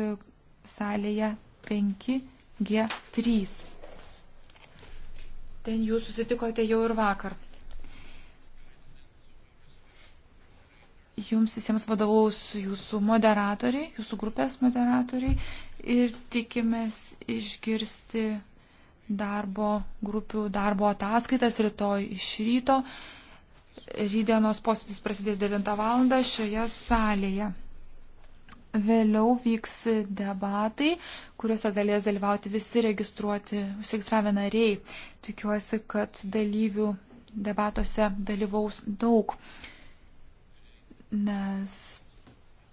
salėje 5G3. Ten jūs susitikote jau ir vakar. Jums visiems vadovaus jūsų moderatoriai, jūsų grupės moderatoriai ir tikimės išgirsti darbo grupių darbo ataskaitas rytoj iš ryto. Rydienos posėdis prasidės 9 val. šioje salėje. Vėliau vyks debatai, kuriuose galės dalyvauti visi registruoti, užsiregistravę nariai. Tikiuosi, kad dalyvių debatuose dalyvaus daug, nes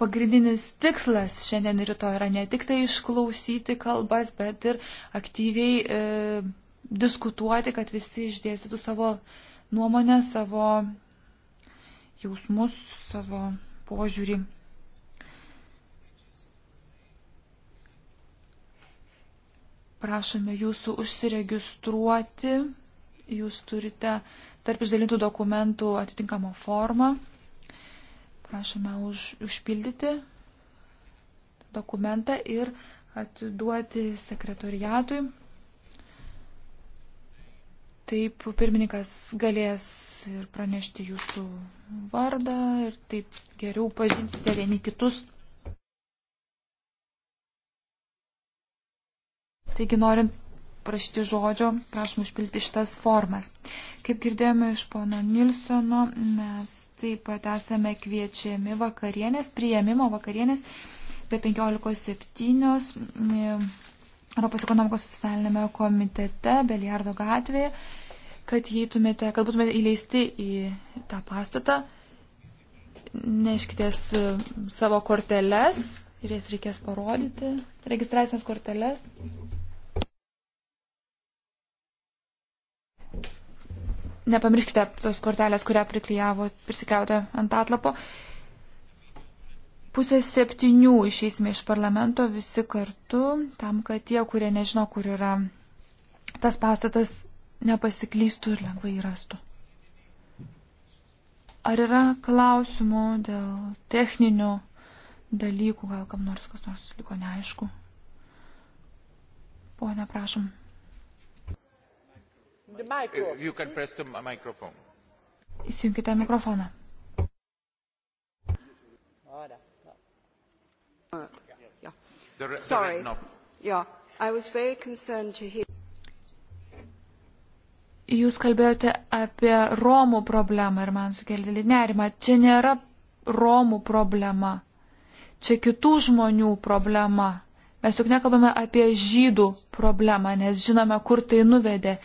pagrindinis tikslas šiandien ir rytoj yra ne tik tai išklausyti kalbas, bet ir aktyviai e, diskutuoti, kad visi išdėstytų savo nuomonę, savo jausmus, savo požiūrį. Prašome jūsų užsiregistruoti, jūs turite tarp išdalintų dokumentų atitinkamą formą. Prašome už, užpildyti dokumentą ir atiduoti sekretoriatui. Taip, pirmininkas galės ir pranešti jūsų vardą ir taip geriau pažinsite vieni kitus. Taigi, norint prašyti žodžio, prašom užpilti šitas formas. Kaip girdėjome iš pono Nilsono, mes taip pat esame kviečiami vakarienės, priėmimo vakarienės be 15.7 Europos ekonomikos socialinėme komitete Beliardo gatvėje, kad, įtumėte, kad būtumėte įleisti į tą pastatą. Neškitės savo korteles ir jas reikės parodyti, registracinės korteles. Nepamirškite tos kortelės, kurią prisikavote ant atlapo. Pusės septynių išeisime iš parlamento visi kartu, tam, kad tie, kurie nežino, kur yra tas pastatas, nepasiklystų ir lengvai rastų. Ar yra klausimų dėl techninių dalykų, gal kam nors kas nors liko neaišku? Pone, prašom. Uh, Įsijunkite mikrofoną. Ahora. Uh, yeah. the re- Sorry. The re- no. yeah. I was very concerned to hear. Jūs kalbėjote apie Romų problemą ir man sukėlė nerimą. Čia nėra Romų problema. Čia kitų žmonių problema. Mes juk nekalbame apie žydų problemą, nes žinome, kur tai nuvedė.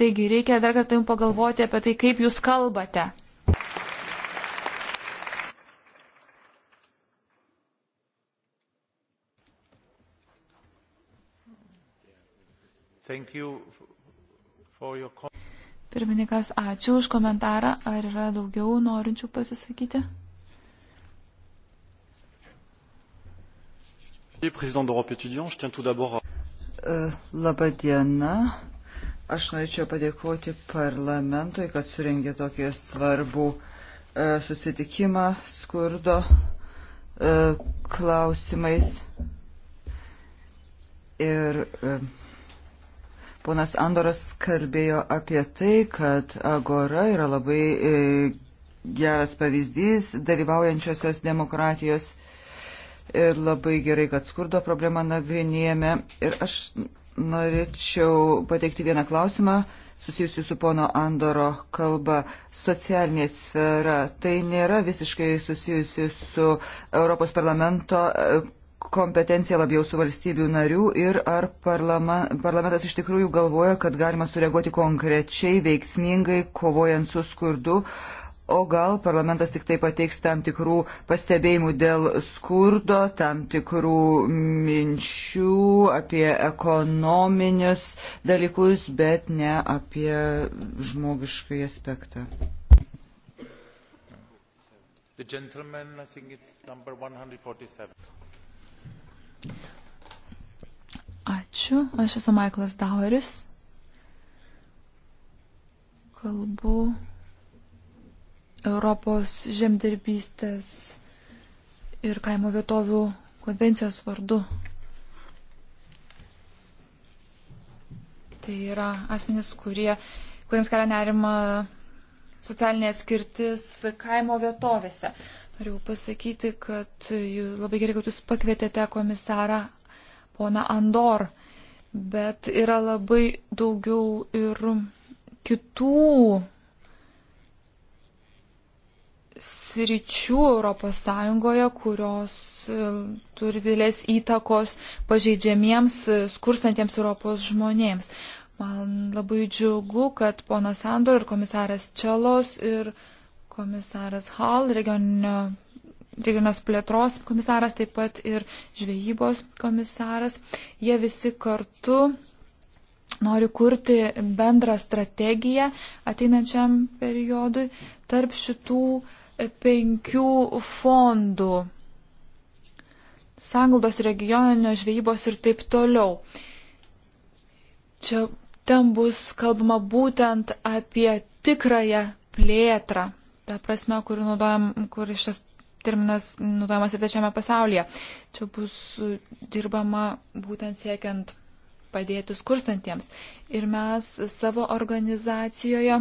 Taigi reikia dar kartą jums pagalvoti apie tai, kaip jūs kalbate. Your... Pirmininkas, ačiū už komentarą. Ar yra daugiau norinčių pasisakyti? E, Labą dieną. Aš norėčiau padėkoti parlamentui, kad surengė tokį svarbų e, susitikimą skurdo e, klausimais. Ir Ponas Andoras kalbėjo apie tai, kad Agora yra labai e, geras pavyzdys dalyvaujančiosios demokratijos ir labai gerai, kad skurdo problemą nagrinėjame. Ir aš norėčiau pateikti vieną klausimą susijusiu su pono Andoro kalba socialinė sfera. Tai nėra visiškai susijusi su Europos parlamento kompetencija labiau su valstybių narių ir ar parlama, parlamentas iš tikrųjų galvoja, kad galima sureaguoti konkrečiai, veiksmingai, kovojant su skurdu, o gal parlamentas tik tai pateiks tam tikrų pastebėjimų dėl skurdo, tam tikrų minčių apie ekonominius dalykus, bet ne apie žmogiškai aspektą. The gentleman, I think it's number 147. Ačiū, aš esu Michaelas Daueris. Kalbu Europos žemdirbystės ir kaimo vietovių konvencijos vardu. Tai yra asmenys, kurie, kuriems kelia nerima socialinė atskirtis kaimo vietovėse. Norėjau pasakyti, kad labai gerai, kad jūs pakvietėte komisarą pona Andor, bet yra labai daugiau ir kitų sričių ES, kurios e, turi didelės įtakos pažeidžiamiems, e, skurstantiems Europos žmonėms. Man labai džiugu, kad ponas Andor ir komisaras Čelos ir uh, komisaras Hall, regioninio, regionos plėtros komisaras, taip pat ir žvejybos komisaras. Jie visi kartu nori kurti bendrą strategiją ateinančiam periodui tarp šitų penkių fondų. Sanglaudos regioninio žvejybos ir taip toliau. Čia ten bus kalbama būtent apie tikrąją plėtrą ta prasme, kur, naudojam, kur šis terminas naudojamas ir tačiame pasaulyje. Čia bus dirbama būtent siekiant padėti skurstantiems. Ir mes savo organizacijoje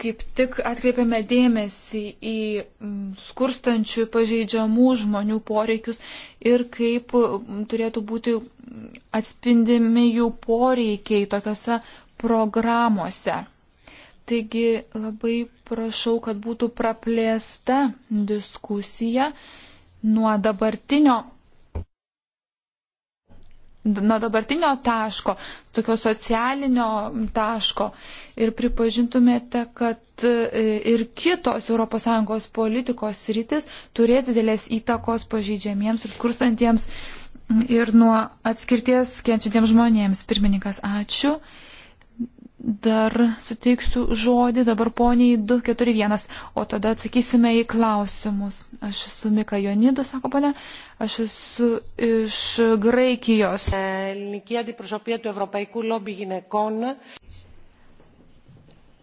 kaip tik atkreipiame dėmesį į skurstančių pažeidžiamų žmonių poreikius ir kaip turėtų būti atspindimi jų poreikiai tokiuose programuose. Taigi labai prašau, kad būtų praplėsta diskusija nuo dabartinio nuo dabartinio taško, tokio socialinio taško ir pripažintumėte, kad e, ir kitos ES politikos rytis turės didelės įtakos pažydžiamiems ir skurstantiems ir nuo atskirties kenčiantiems žmonėms. Pirmininkas, ačiū dar suteiksiu žodį dabar poniai 241, o tada atsakysime į klausimus. Aš esu Mika Jonidu, sako ponia, aš esu iš Graikijos.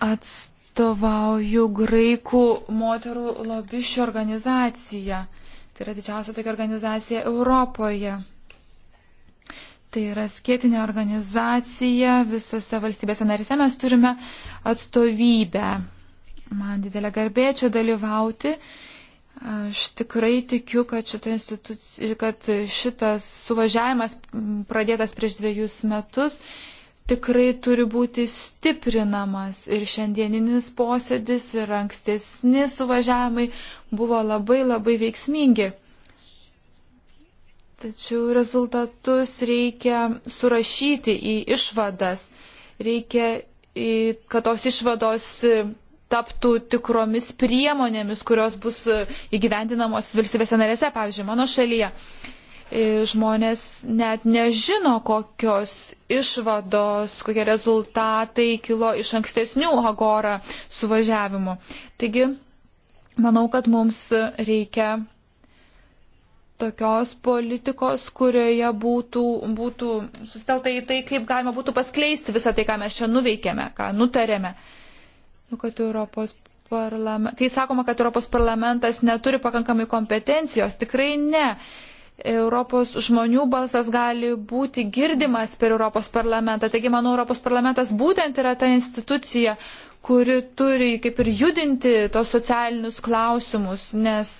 Atstovauju Graikų moterų lobišių organizaciją. Tai yra didžiausia tokia organizacija Europoje tai yra skėtinė organizacija visose valstybėse narise, mes turime atstovybę. Man didelė garbė čia dalyvauti. Aš tikrai tikiu, kad, šita kad šitas suvažiavimas pradėtas prieš dviejus metus tikrai turi būti stiprinamas. Ir šiandieninis posėdis, ir ankstesni suvažiavimai buvo labai labai veiksmingi. Tačiau rezultatus reikia surašyti į išvadas. Reikia, kad tos išvados taptų tikromis priemonėmis, kurios bus įgyvendinamos valstybėse narėse, pavyzdžiui, mano šalyje. E, žmonės net nežino, kokios išvados, kokie rezultatai kilo iš ankstesnių agorą suvažiavimų. Taigi, manau, kad mums reikia tokios politikos, kurioje būtų, būtų sustelta į tai, kaip galima būtų paskleisti visą tai, ką mes čia nuveikėme, ką nutarėme. Nu, kad Europos parlament... Kai sakoma, kad Europos parlamentas neturi pakankamai kompetencijos, tikrai ne. Europos žmonių balsas gali būti girdimas per Europos parlamentą. Taigi, manau, Europos parlamentas būtent yra ta institucija, kuri turi kaip ir judinti tos socialinius klausimus, nes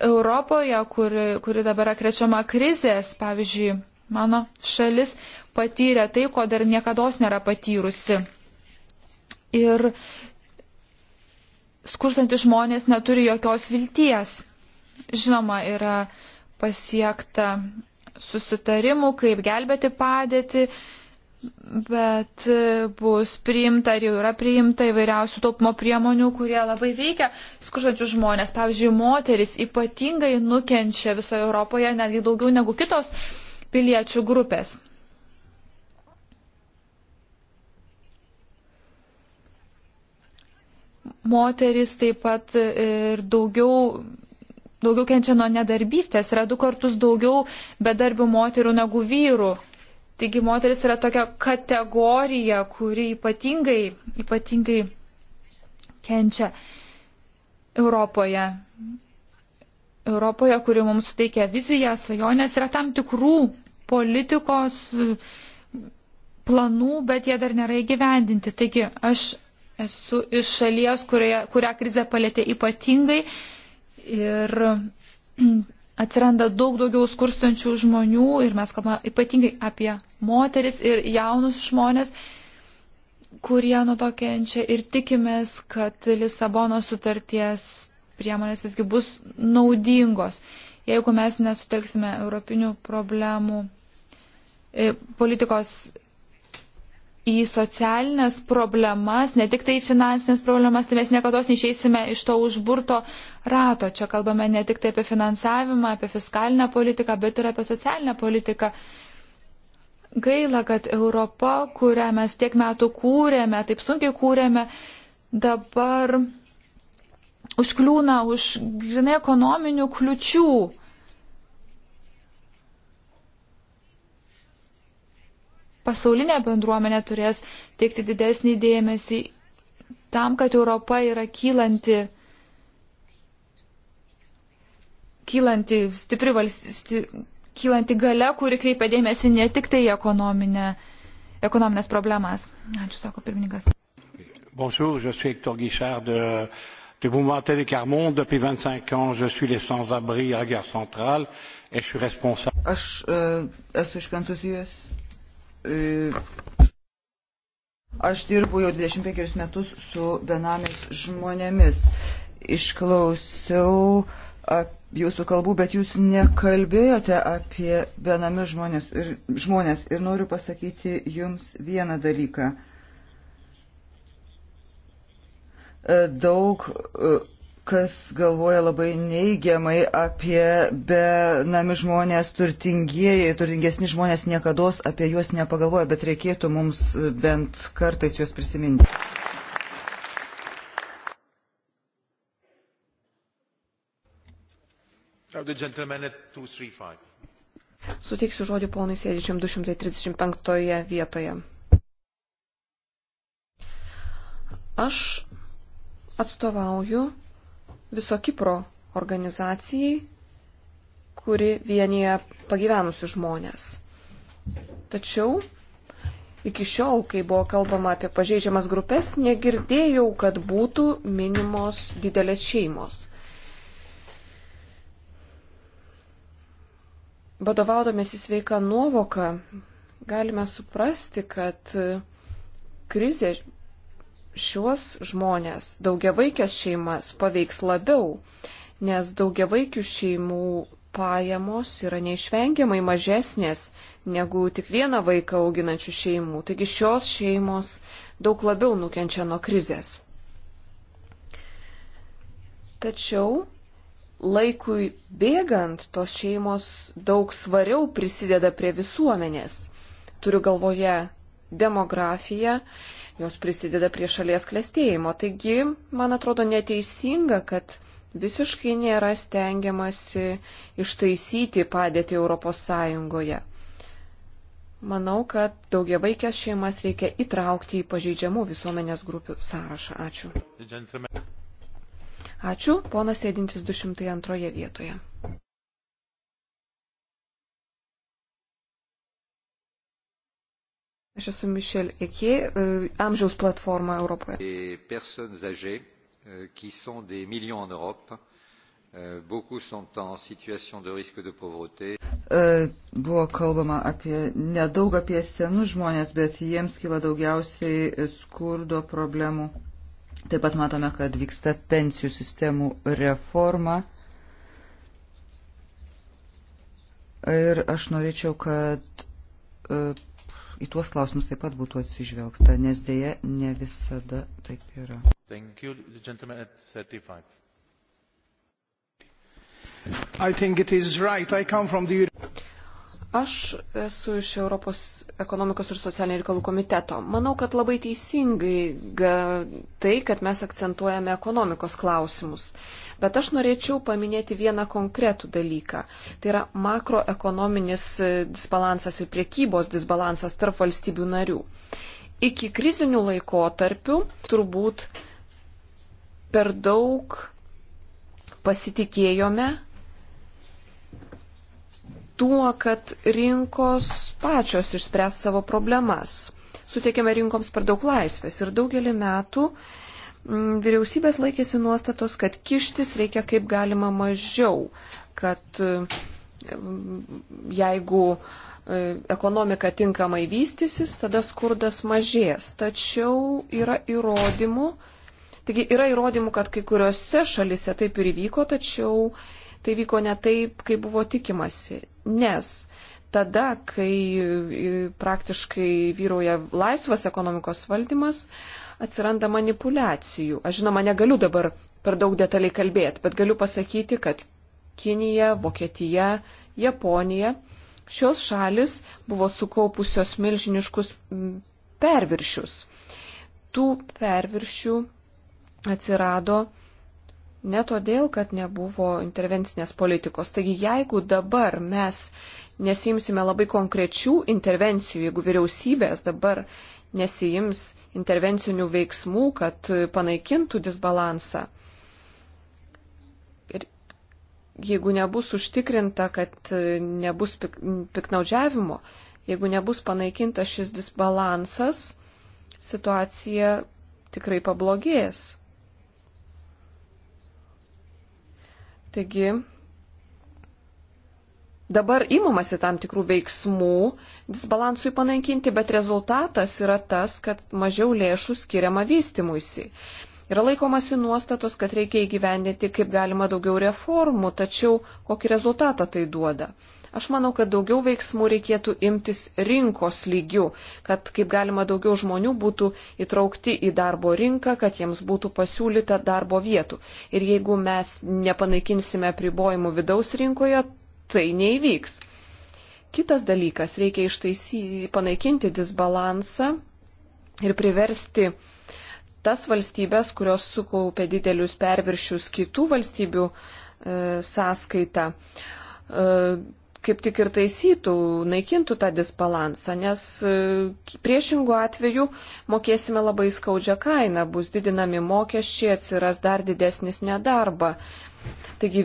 Europoje, kuri, kuri dabar yra krečiama krizės, pavyzdžiui, mano šalis patyrė tai, ko dar niekada nėra patyrusi. Ir skurstantys žmonės neturi jokios vilties. Žinoma, yra pasiekta susitarimų, kaip gelbėti padėtį, bet e, bus priimta ir jau yra priimta įvairiausių taupimo priemonių, kurie labai veikia skurstančius žmonės. Pavyzdžiui, moteris ypatingai nukenčia visoje Europoje netgi daugiau negu kitos piliečių grupės. Moteris taip pat e, ir daugiau daugiau kenčia nuo nedarbystės, yra du kartus daugiau bedarbių moterų negu vyrų. Taigi moteris yra tokia kategorija, kuri ypatingai, ypatingai kenčia Europoje. Europoje, kuri mums suteikia viziją, svajonės, yra tam tikrų politikos planų, bet jie dar nėra įgyvendinti. Taigi aš esu iš šalies, kurioje, kurią krizę palėtė ypatingai ir atsiranda daug daugiau skurstančių žmonių ir mes kalbame ypatingai apie moteris ir jaunus žmonės, kurie nuo to kenčia ir tikimės, kad Lisabono sutarties priemonės visgi bus naudingos, jeigu mes nesutelksime europinių problemų e, politikos į socialinės problemas, ne tik tai finansinės problemas, tai mes niekada neišeisime iš to užburto rato. Čia kalbame ne tik tai apie finansavimą, apie fiskalinę politiką, bet ir apie socialinę politiką. Gaila, kad Europa, kurią mes tiek metų kūrėme, taip sunkiai kūrėme, dabar užkliūna už grinai ekonominių kliučių pasaulinė bendruomenė turės teikti didesnį dėmesį tam, kad Europa yra kylanti, kylanti stipri valstybė, kylanti gale, kuri kreipia dėmesį ne tik tai ekonominę, ekonominės problemas. Ačiū, sako pirmininkas. Bonjour, je suis Hector Guichard de du mouvement Télé Carmonde. Depuis 25 ans, je suis les sans-abri à la gare centrale et je suis responsable. Aš uh, esu iš Prancūzijos E, aš dirbu jau 25 metus su benamis žmonėmis. Išklausiau jūsų kalbų, bet jūs nekalbėjote apie benamius žmonės ir, žmonės. ir noriu pasakyti jums vieną dalyką. E, daug e, kas galvoja labai neigiamai apie benami žmonės, turtingieji, turtingesni žmonės niekada apie juos nepagalvoja, bet reikėtų mums bent kartais juos prisiminti. Suteiksiu žodį ponui sėdžiam 235 vietoje. Aš atstovauju viso Kipro organizacijai, kuri vienyje pagyvenusių žmonės. Tačiau iki šiol, kai buvo kalbama apie pažeidžiamas grupės, negirdėjau, kad būtų minimos didelės šeimos. Vadovaudomės į sveiką nuovoką, galime suprasti, kad krizė šiuos žmonės, daugiavaikės šeimas paveiks labiau, nes daugiavaikių šeimų pajamos yra neišvengiamai mažesnės negu tik vieną vaiką auginančių šeimų. Taigi šios šeimos daug labiau nukenčia nuo krizės. Tačiau laikui bėgant tos šeimos daug svariau prisideda prie visuomenės. Turiu galvoje demografiją jos prisideda prie šalies klėstėjimo. Taigi, man atrodo neteisinga, kad visiškai nėra stengiamasi ištaisyti padėtį Europos Sąjungoje. Manau, kad daugia vaikės šeimas reikia įtraukti į pažeidžiamų visuomenės grupių sąrašą. Ačiū. Ačiū, ponas sėdintis 202 vietoje. Aš esu Mišel Eki, e, amžiaus platforma Europoje. E, e, buvo kalbama apie nedaug apie senus žmonės, bet jiems kyla daugiausiai skurdo problemų. Taip pat matome, kad vyksta pensijų sistemų reforma. Ir aš norėčiau, kad į tuos klausimus taip pat būtų atsižvelgta, nes dėja ne visada taip yra. You, right. the... Aš esu iš Europos ekonomikos ir socialinių reikalų komiteto. Manau, kad labai teisingai tai, kad mes akcentuojame ekonomikos klausimus. Bet aš norėčiau paminėti vieną konkretų dalyką. Tai yra makroekonominis disbalansas ir priekybos disbalansas tarp valstybių narių. Iki krizinių laikotarpių turbūt per daug pasitikėjome tuo, kad rinkos pačios išspręs savo problemas. Suteikėme rinkoms per daug laisvės ir daugelį metų mm, vyriausybės laikėsi nuostatos, kad kištis reikia kaip galima mažiau, kad mm, jeigu e, ekonomika tinkamai vystysis, tada skurdas mažės. Tačiau yra įrodymų, taigi yra įrodymų, kad kai kuriuose šalise taip ir įvyko, tačiau tai vyko ne taip, kaip buvo tikimasi nes tada, kai praktiškai vyrauja laisvas ekonomikos valdymas, atsiranda manipulacijų. Aš žinoma, negaliu dabar per daug detaliai kalbėti, bet galiu pasakyti, kad Kinija, Vokietija, Japonija šios šalis buvo sukaupusios milžiniškus perviršius. Tų perviršių atsirado ne todėl, kad nebuvo intervencinės politikos. Taigi jeigu dabar mes nesimsime labai konkrečių intervencijų, jeigu vyriausybės dabar nesijims intervencinių veiksmų, kad panaikintų disbalansą, ir jeigu nebus užtikrinta, kad nebus pik piknaudžiavimo, jeigu nebus panaikintas šis disbalansas, situacija tikrai pablogės. Taigi dabar įmamasi tam tikrų veiksmų disbalansui panaikinti, bet rezultatas yra tas, kad mažiau lėšų skiriama vystimuisi. Yra laikomasi nuostatos, kad reikia įgyvendinti kaip galima daugiau reformų, tačiau kokį rezultatą tai duoda. Aš manau, kad daugiau veiksmų reikėtų imtis rinkos lygių, kad kaip galima daugiau žmonių būtų įtraukti į darbo rinką, kad jiems būtų pasiūlyta darbo vietų. Ir jeigu mes nepanaikinsime pribojimų vidaus rinkoje, tai neįvyks. Kitas dalykas, reikia ištaisyti, panaikinti disbalansą ir priversti tas valstybės, kurios sukaupė didelius perviršius kitų valstybių e, sąskaitą, e, kaip tik ir taisytų, naikintų tą disbalansą, nes e, priešingų atveju mokėsime labai skaudžią kainą, bus didinami mokesčiai, atsiras dar didesnis nedarba. Taigi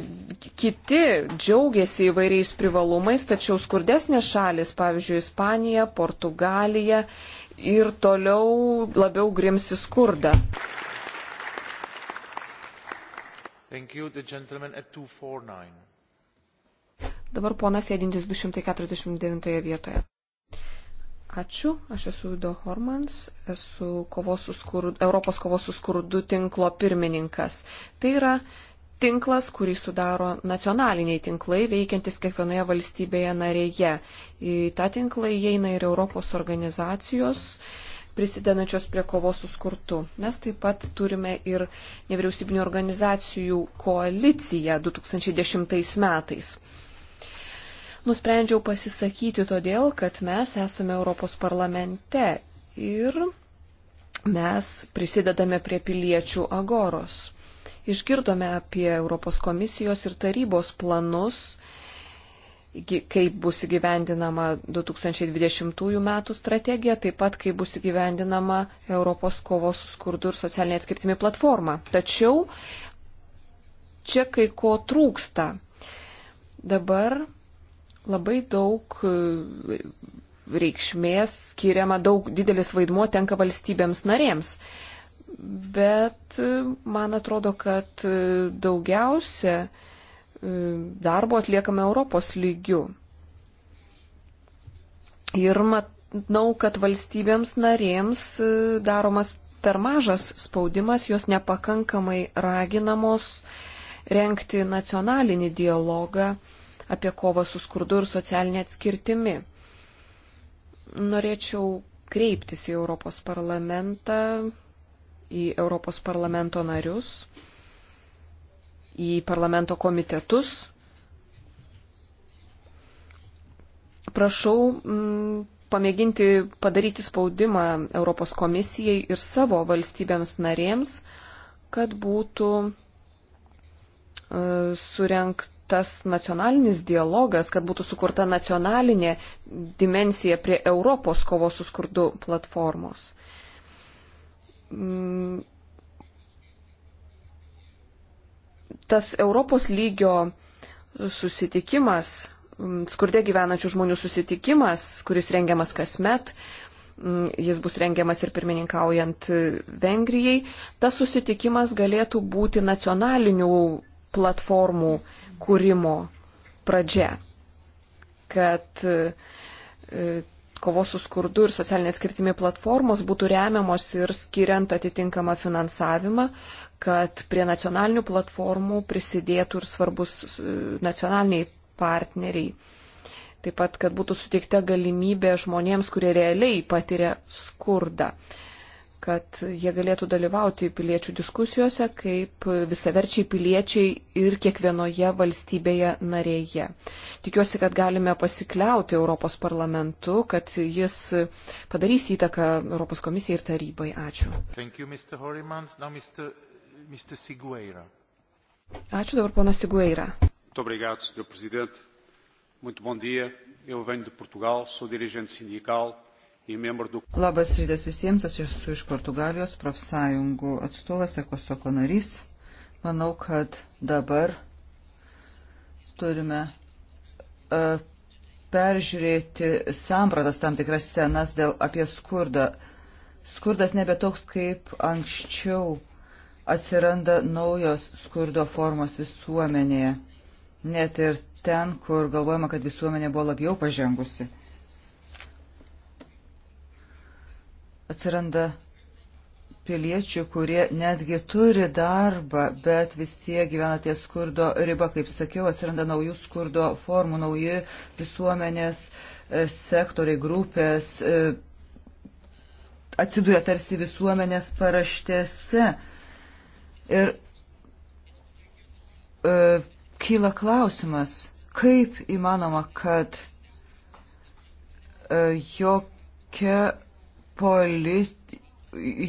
kiti džiaugiasi įvairiais privalumais, tačiau skurdesnės šalis, pavyzdžiui, Ispanija, Portugalija ir toliau labiau grimsi skurdą. Thank you, the gentleman at 249. Dabar ponas sėdintis 249 vietoje. Ačiū, aš esu Udo Hormans, esu kovos skurdu, Europos kovos su skurdu tinklo pirmininkas. Tai yra tinklas, kurį sudaro nacionaliniai tinklai, veikiantis kiekvienoje valstybėje narėje. Į tą tinklą įeina ir Europos organizacijos prisidedančios prie kovos su skurtu. Mes taip pat turime ir nevyriausybinio organizacijų koaliciją 2010 metais. Nusprendžiau pasisakyti todėl, kad mes esame Europos parlamente ir mes prisidedame prie piliečių agoros. Išgirdome apie Europos komisijos ir tarybos planus kaip bus įgyvendinama 2020 metų strategija, taip pat kaip bus įgyvendinama Europos kovos su skurdu ir socialinė atskirtimi platforma. Tačiau čia kai ko trūksta. Dabar Labai daug e, reikšmės skiriama, daug didelis vaidmuo tenka valstybėms narėms. Bet e, man atrodo, kad e, daugiausia darbo atliekame Europos lygių. Ir matau, kad valstybėms narėms daromas per mažas spaudimas, jos nepakankamai raginamos renkti nacionalinį dialogą apie kovą su skurdu ir socialinė atskirtimi. Norėčiau kreiptis į Europos parlamentą, į Europos parlamento narius, į parlamento komitetus. Prašau m, mm, pamėginti padaryti spaudimą Europos komisijai ir savo valstybėms narėms, kad būtų e, surenkt tas nacionalinis dialogas, kad būtų sukurta nacionalinė dimensija prie Europos kovos su skurdu platformos. Mm. Tas Europos lygio susitikimas, mm, skurdė gyvenančių žmonių susitikimas, kuris rengiamas kasmet, mm, jis bus rengiamas ir pirmininkaujant Vengrijai, tas susitikimas galėtų būti nacionalinių platformų uh, kūrimo pradžia, kad e, kovos su skurdu ir socialinė atskirtimi platformos būtų remiamos ir skiriant atitinkamą finansavimą, kad prie nacionalinių platformų prisidėtų ir svarbus e, nacionaliniai partneriai. Taip pat, kad būtų suteikta galimybė žmonėms, kurie realiai patiria skurdą kad jie galėtų dalyvauti piliečių diskusijose kaip visaverčiai piliečiai ir kiekvienoje valstybėje narėje. Tikiuosi, kad galime pasikliauti Europos parlamentu, kad jis padarys įtaką Europos komisijai ir tarybai. Ačiū. You, Mr. Horimans. Now, Mr. Mr. Sigueira. Ačiū dabar ponas Sigueira. Obrigado, Sr. Presidente. Muito bom dia. Eu venho de Portugal, sou dirigente sindical Labas rytas visiems, aš esu iš Portugalijos profsąjungų atstovas, ekosoko narys. Manau, kad dabar turime uh, peržiūrėti sampratas tam tikras senas dėl apie skurdą. Skurdas nebe toks kaip anksčiau atsiranda naujos skurdo formos visuomenėje, net ir ten, kur galvojama, kad visuomenė buvo labiau pažengusi. atsiranda piliečių, kurie netgi turi darbą, bet vis tiek gyvena ties skurdo riba, kaip sakiau, atsiranda naujų skurdo formų, nauji visuomenės e, sektoriai, grupės e, atsiduria tarsi visuomenės paraštėse. Ir e, kyla klausimas, kaip įmanoma, kad e, jokia politi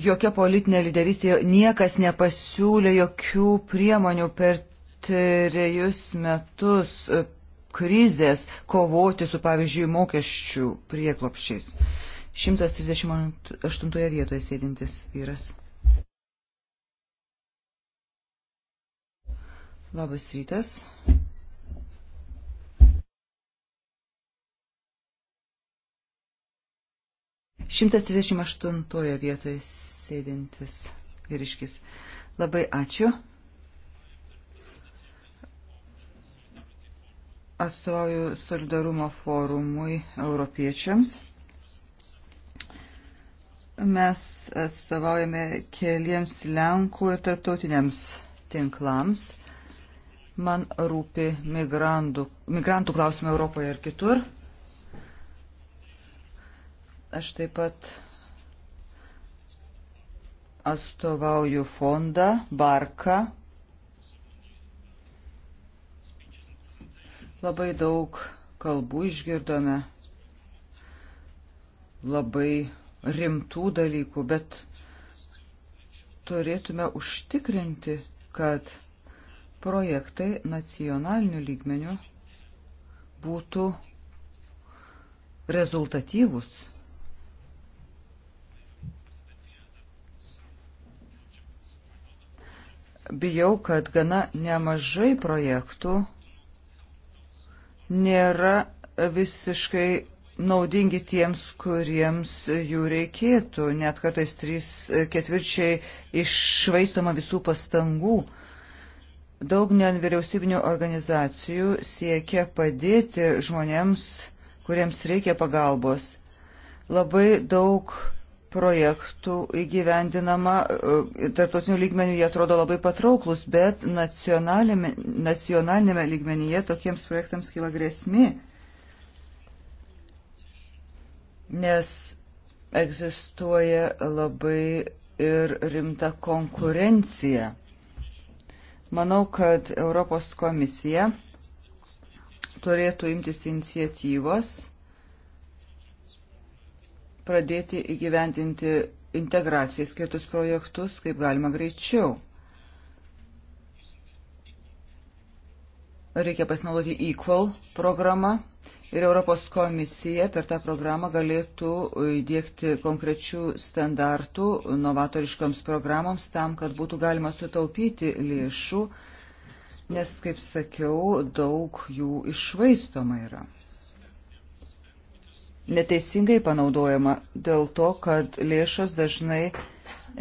jokia politinė lyderystė, niekas nepasiūlė jokių priemonių per trejus metus e, krizės kovoti su, pavyzdžiui, mokesčių prieklopščiais. 138 vietoje sėdintis vyras. Labas rytas. 138 vietoje sėdintis vyriškis. Labai ačiū. Atstovauju solidarumo forumui europiečiams. Mes atstovaujame keliems Lenkų ir tarptautiniams tinklams. Man rūpi migrantų, migrantų klausimai Europoje ir kitur. Aš taip pat atstovauju fondą Barką. Labai daug kalbų išgirdome, labai rimtų dalykų, bet turėtume užtikrinti, kad projektai nacionaliniu lygmeniu būtų rezultatyvus. bijau, kad gana nemažai projektų nėra visiškai naudingi tiems, kuriems jų reikėtų. Net kartais trys ketvirčiai išvaistoma visų pastangų. Daug nevyriausybinių organizacijų siekia padėti žmonėms, kuriems reikia pagalbos. Labai daug projektų įgyvendinama, e, tarptautinių lygmenių jie atrodo labai patrauklus, bet nacionalinėme, nacionalinėme lygmenyje tokiems projektams kyla grėsmė, nes egzistuoja labai ir rimta konkurencija. Manau, kad Europos komisija turėtų imtis iniciatyvos pradėti įgyventinti integracijai skirtus projektus kaip galima greičiau. Reikia pasinaudoti Equal programą ir Europos komisija per tą programą galėtų įdėkti konkrečių standartų novatoriškoms programoms tam, kad būtų galima sutaupyti lėšų, nes, kaip sakiau, daug jų išvaistoma yra neteisingai panaudojama dėl to, kad lėšos dažnai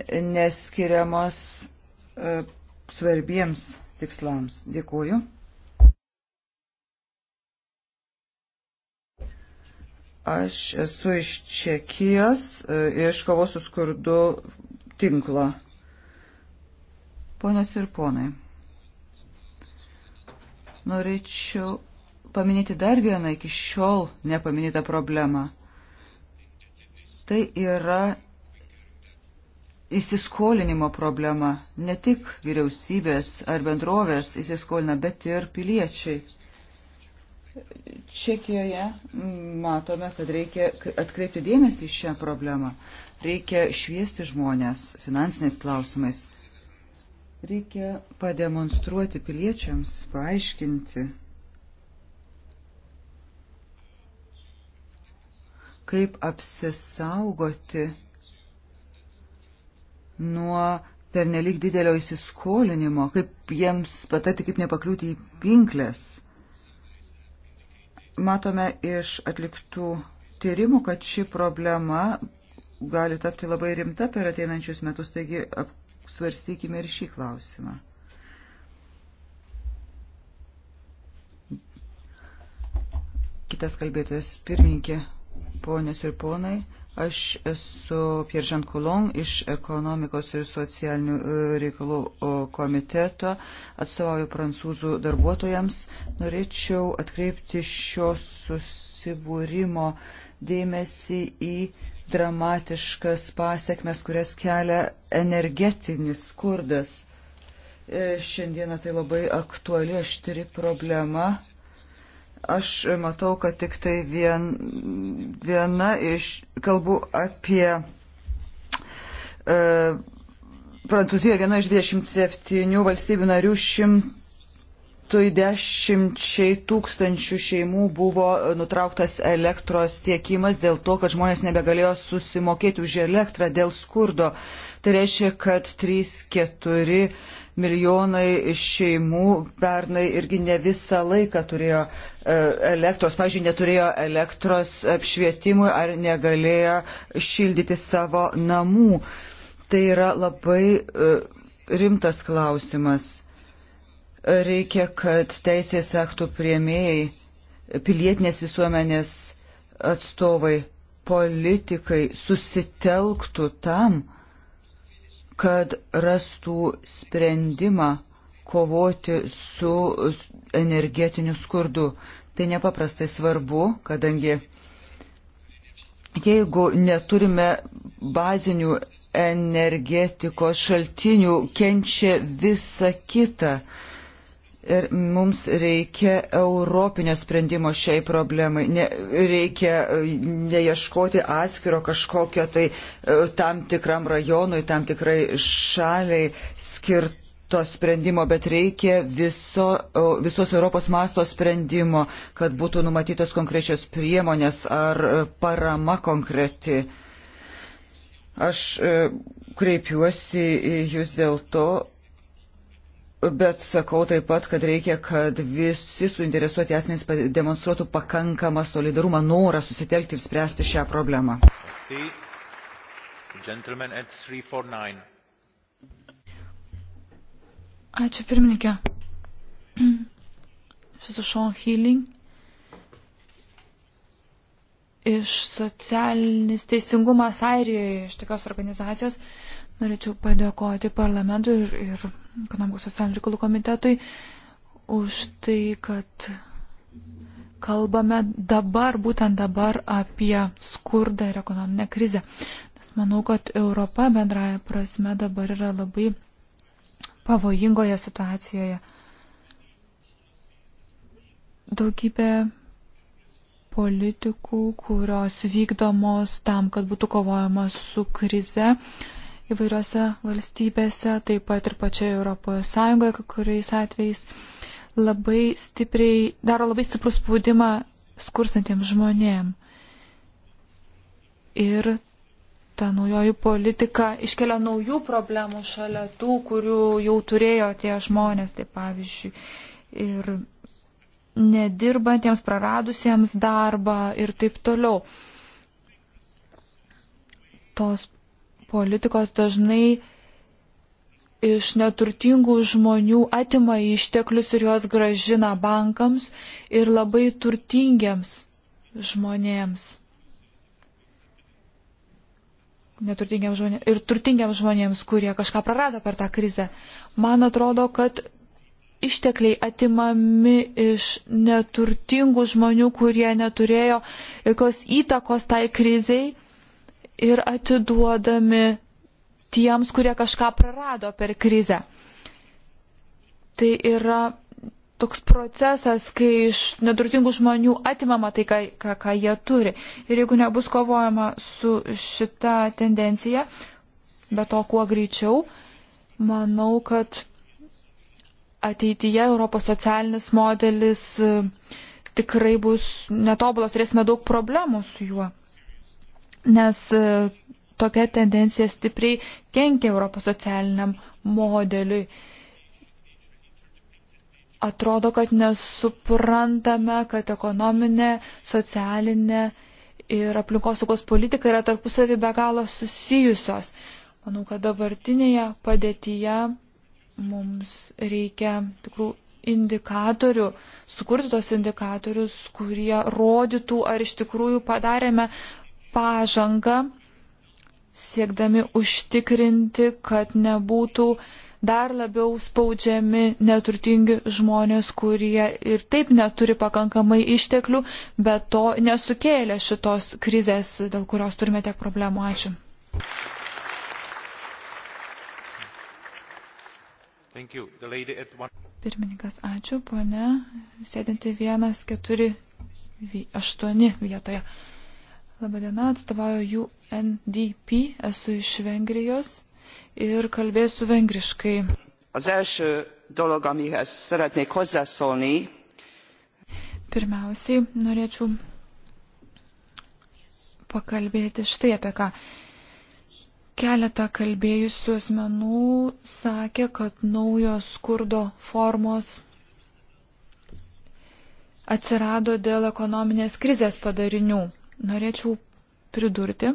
neskiriamos e, svarbiems tikslams. Dėkuoju. Aš esu iš Čekijos, e, iš kovos su skurdu tinklo. Ponios ir ponai, norėčiau paminėti dar vieną iki šiol nepaminėtą problemą. Tai yra įsiskolinimo problema. Ne tik vyriausybės ar bendrovės įsiskolina, bet ir piliečiai. Čekijoje matome, kad reikia atkreipti dėmesį į šią problemą. Reikia šviesti žmonės finansiniais klausimais. Reikia pademonstruoti piliečiams, paaiškinti kaip apsisaugoti nuo pernelik didelio įsiskolinimo, kaip jiems patarti, kaip nepakliūti į pinklės. Matome iš atliktų tyrimų, kad ši problema gali tapti labai rimta per ateinančius metus, taigi apsvarstykime ir šį klausimą. Kitas kalbėtojas pirmininkė Ponios ir ponai, aš esu Pieržan Kulon iš ekonomikos ir socialinių e, reikalų komiteto, atstovauju prancūzų darbuotojams. Norėčiau atkreipti šios susibūrimo dėmesį į dramatiškas pasiekmes, kurias kelia energetinis skurdas. E, šiandieną tai labai aktuali aštri problema Aš matau, kad tik tai vien, viena iš kalbų apie e, Prancūziją, viena iš 27 valstybių narių šimt šimtui dešimčiai tūkstančių šeimų buvo nutrauktas elektros tiekimas dėl to, kad žmonės nebegalėjo susimokėti už elektrą dėl skurdo. Tai reiškia, kad 3-4 milijonai šeimų pernai irgi ne visą laiką turėjo e, elektros, pažiūrėjau, neturėjo elektros apšvietimui ar negalėjo šildyti savo namų. Tai yra labai e, rimtas klausimas. Reikia, kad teisės aktų prieimėjai, pilietinės visuomenės atstovai, politikai susitelktų tam, kad rastų sprendimą kovoti su energetiniu skurdu. Tai nepaprastai svarbu, kadangi jeigu neturime bazinių energetikos šaltinių, kenčia visa kita. Ir mums reikia europinio sprendimo šiai problemai. Ne, reikia e, neieškoti atskiro kažkokio tai e, tam tikram rajonui, tam tikrai šaliai skirto sprendimo, bet reikia viso, visos Europos masto sprendimo, kad būtų numatytos konkrečios priemonės ar e, parama konkreti. Aš kreipiuosi jūs dėl to Bet sakau taip pat, kad reikia, kad visi suinteresuoti asmenys demonstruotų pakankamą solidarumą, norą susitelkti ir spręsti šią problemą. Ačiū pirmininkė. [CLEARS THROAT] Susišau healing iš socialinis teisingumas Airijoje, iš tokios organizacijos. Norėčiau padėkoti parlamentui ir, ir ekonomikos socialinių reikalų komitetui už tai, kad kalbame dabar, būtent dabar apie skurdą ir ekonominę krizę. Nes manau, kad Europa bendraja prasme dabar yra labai pavojingoje situacijoje. Daugybė politikų, kurios vykdomos tam, kad būtų kovojama su krize, uh, įvairiose valstybėse, taip pat ir pačioje Europos Sąjungoje, kai kuriais atvejais labai stipriai, daro labai stiprų spaudimą skurstantiems žmonėm. Ir ta naujoji politika iškelia naujų problemų šalia tų, kurių jau turėjo tie žmonės, tai pavyzdžiui, ir nedirbantiems, praradusiems darbą ir taip toliau. Tos politikos dažnai iš neturtingų žmonių atima išteklius ir juos gražina bankams ir labai turtingiems žmonėms. Neturtingiems žmonėms ir turtingiems žmonėms, kurie kažką prarado per tą krizę. Man atrodo, kad ištekliai atimami iš neturtingų žmonių, kurie neturėjo jokios įtakos tai kriziai ir atiduodami tiems, kurie kažką prarado per krizę. Tai yra toks procesas, kai iš neturtingų žmonių atimama tai, ką, ką, ką jie turi. Ir jeigu nebus kovojama su šita tendencija, bet to kuo greičiau, manau, kad ateityje Europos socialinis modelis e, tikrai bus netobulas, turėsime daug problemų su juo nes e, tokia tendencija stipriai kenkia Europos socialiniam modeliui. Atrodo, kad nesuprantame, kad ekonominė, socialinė ir aplinkosaugos politika yra tarpusavį be galo susijusios. Manau, kad dabartinėje padėtyje mums reikia tikrų indikatorių, sukurti tos indikatorius, kurie rodytų, ar iš tikrųjų padarėme pažangą, siekdami užtikrinti, kad nebūtų dar labiau spaudžiami neturtingi žmonės, kurie ir taip neturi pakankamai išteklių, bet to nesukėlė šitos krizės, dėl kurios turime tiek problemų. Ačiū. One... Pirmininkas, ačiū, ponė, sėdinti vienas, keturi, aštuoni vietoje. Labadiena, atstovauju UNDP, esu iš Vengrijos ir kalbėsiu vengriškai. Az első dolog, amihez szeretnék hozzászólni. Pirmiausiai norėčiau pakalbėti štai apie ką. Keletą kalbėjusių asmenų sakė, kad naujos skurdo formos atsirado dėl ekonominės krizės padarinių norėčiau pridurti,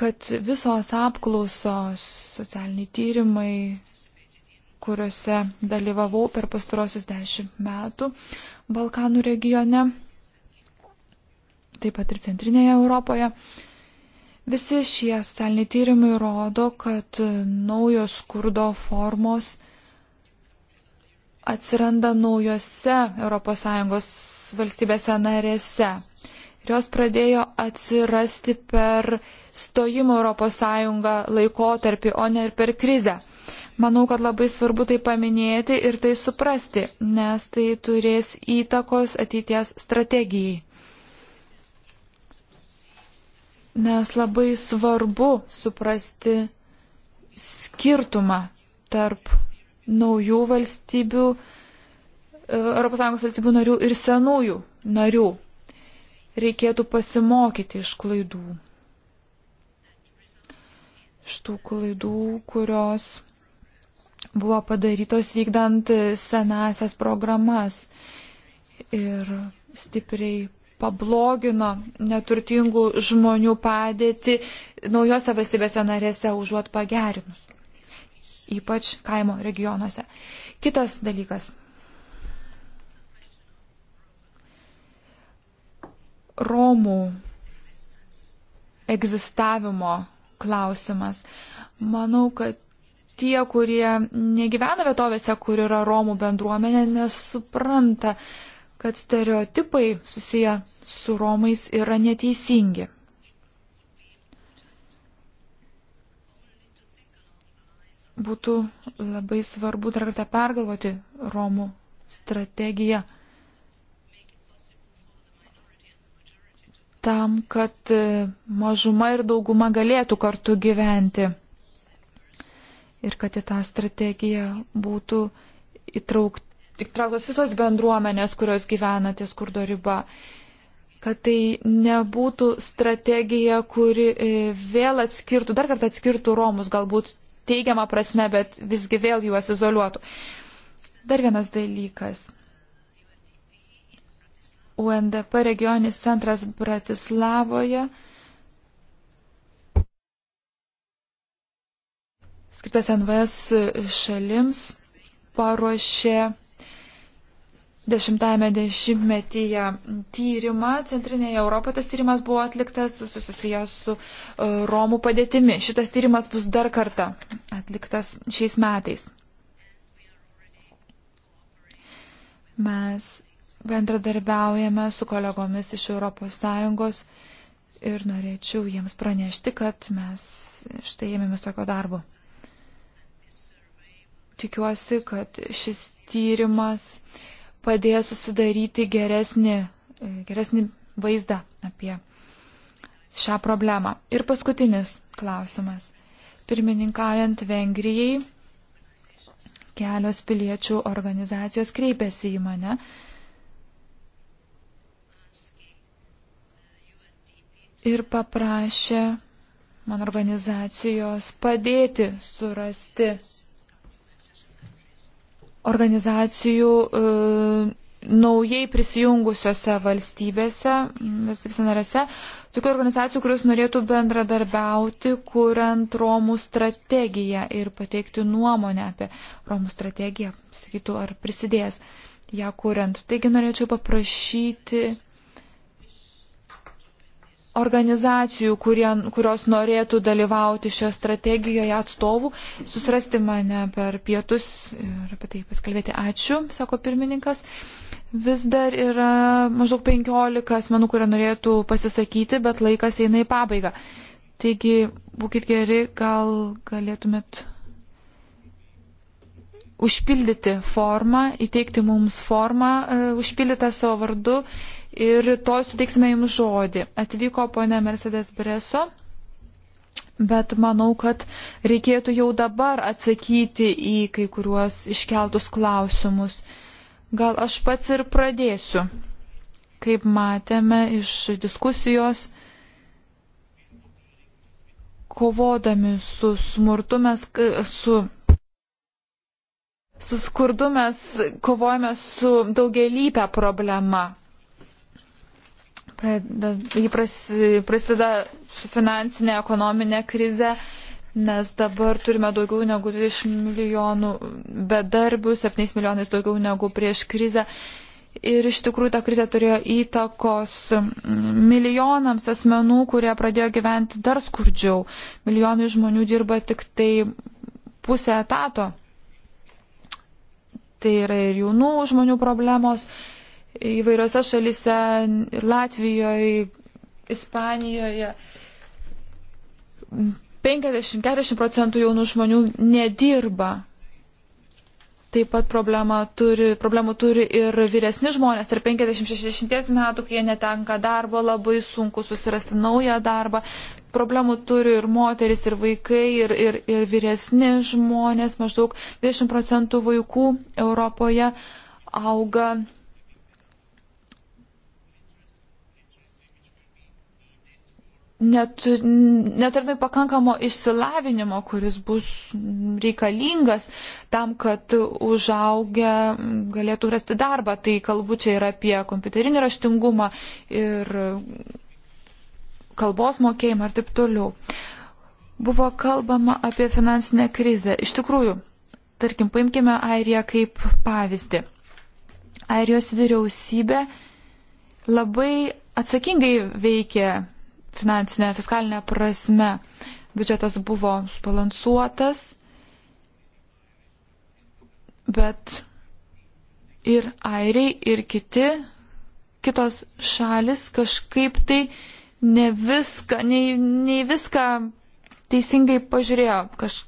kad visos apklausos, socialiniai tyrimai, kuriuose dalyvavau per pastarosius dešimt metų Balkanų regione, taip pat ir Centrinėje Europoje, visi šie socialiniai tyrimai rodo, kad naujos skurdo formos atsiranda naujose ES valstybėse narėse. Ir jos pradėjo atsirasti per stojimo ES laikotarpį, o ne ir per krizę. Manau, kad labai svarbu tai paminėti ir tai suprasti, nes tai turės įtakos ateities strategijai. Nes labai svarbu suprasti skirtumą tarp naujų valstybių, ES valstybių narių ir senųjų narių. Reikėtų pasimokyti iš klaidų. Štų klaidų, kurios buvo padarytos vykdant senasias programas ir stipriai pablogino neturtingų žmonių padėtį naujose valstybėse narėse užuot pagerinus ypač kaimo regionuose. Kitas dalykas. Romų egzistavimo klausimas. Manau, kad tie, kurie negyvena vietovėse, kur yra Romų bendruomenė, nesupranta, kad stereotipai susiję su Romais yra neteisingi. būtų labai svarbu dar kartą pergalvoti Romų strategiją tam, kad e, mažuma ir dauguma galėtų kartu gyventi ir kad į tą strategiją būtų įtraukti. Įtrauktos visos bendruomenės, kurios gyvena ties kurdo riba kad tai nebūtų strategija, kuri e, vėl atskirtų, dar kartą atskirtų Romus, galbūt teigiamą prasme, bet visgi vėl juos izoliuotų. Dar vienas dalykas. UNDP regioninis centras Bratislavoje. Skirtas NVS šalims paruošė dešimtajame dešimtmetyje tyrimą Centrinėje Europoje. Tas tyrimas buvo atliktas susijęs su e, Romų padėtimi. Šitas tyrimas bus dar kartą atliktas šiais metais. Mes bendradarbiaujame su kolegomis iš ES ir norėčiau jiems pranešti, kad mes štai ėmėmės tokio darbo. Tikiuosi, kad šis tyrimas uh, padėjo susidaryti geresnį, e, geresnį vaizdą apie šią problemą. Ir paskutinis klausimas. Pirmininkaujant Vengrijai, kelios piliečių organizacijos kreipėsi į mane. Ir paprašė man organizacijos padėti surasti organizacijų e, naujai prisijungusiose valstybėse, valstybėse narėse, tokių organizacijų, kurios norėtų bendradarbiauti, kuriant Romų strategiją ir pateikti nuomonę apie Romų strategiją, sakytų, ar prisidės ją kuriant. Taigi norėčiau paprašyti organizacijų, kurie, kurios norėtų dalyvauti šioje strategijoje atstovų, susirasti mane per pietus ir apie tai paskalbėti. Ačiū, sako pirmininkas. Vis dar yra maždaug 15 asmenų, kurie norėtų pasisakyti, bet laikas eina į pabaigą. Taigi, būkite geri, gal galėtumėt užpildyti formą, įteikti mums formą, e, užpildytą savo vardu ir rytoj suteiksime jums žodį. Atvyko ponė Mercedes Breso. Bet manau, kad reikėtų jau dabar atsakyti į kai kuriuos iškeltus klausimus. Gal aš pats ir pradėsiu. Kaip matėme iš diskusijos, kovodami su smurtu mes, su, su skurdu mes kovojame su daugelįpę problema. Jį prasideda su finansinė, ekonominė krize, nes dabar turime daugiau negu 20 milijonų bedarbių, 7 milijonais daugiau negu prieš krizę. Ir iš tikrųjų ta krizė turėjo įtakos milijonams asmenų, kurie pradėjo gyventi dar skurdžiau. Milijonai žmonių dirba tik tai pusę etato. Tai yra ir jaunų žmonių problemos, įvairiose šalise, ir Latvijoje, Ispanijoje. 50-40 procentų jaunų žmonių nedirba. Taip pat turi, problemų turi ir vyresni žmonės. Tarp 50-60 metų, kai jie netenka darbo, labai sunku susirasti naują darbą. Problemų turi ir moteris, ir vaikai, ir, ir, ir vyresni žmonės. Maždaug 20 procentų vaikų Europoje auga net, neturime pakankamo išsilavinimo, kuris bus reikalingas tam, kad užaugę galėtų rasti darbą. Tai kalbu čia ir apie kompiuterinį raštingumą ir kalbos mokėjimą ir taip toliau. Buvo kalbama apie finansinę krizę. Iš tikrųjų, tarkim, paimkime Airiją kaip pavyzdį. Airijos vyriausybė labai atsakingai veikia finansinė, fiskalinė prasme. Biudžetas buvo subalansuotas, bet ir airiai, ir kiti, kitos šalis kažkaip tai ne viską, nei, nei viską teisingai pažiūrėjo, kaž,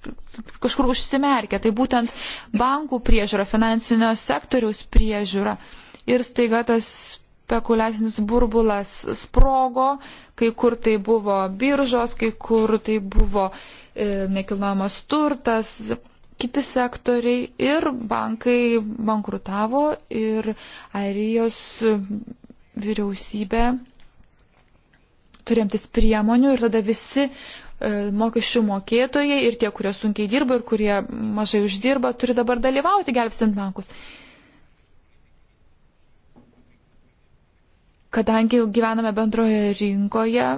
kažkur užsimerkė. Tai būtent bankų priežiūra, finansinio sektoriaus priežiūra. Ir staiga tas spekuliacinis burbulas sprogo, kai kur tai buvo biržos, kai kur tai buvo e, nekilnojamas turtas, kiti sektoriai ir bankai bankrutavo ir Airijos vyriausybė turimtis priemonių ir tada visi e, mokesčių mokėtojai ir tie, kurie sunkiai dirba ir kurie mažai uždirba, turi dabar dalyvauti gelbstint bankus. kadangi gyvename bendroje rinkoje,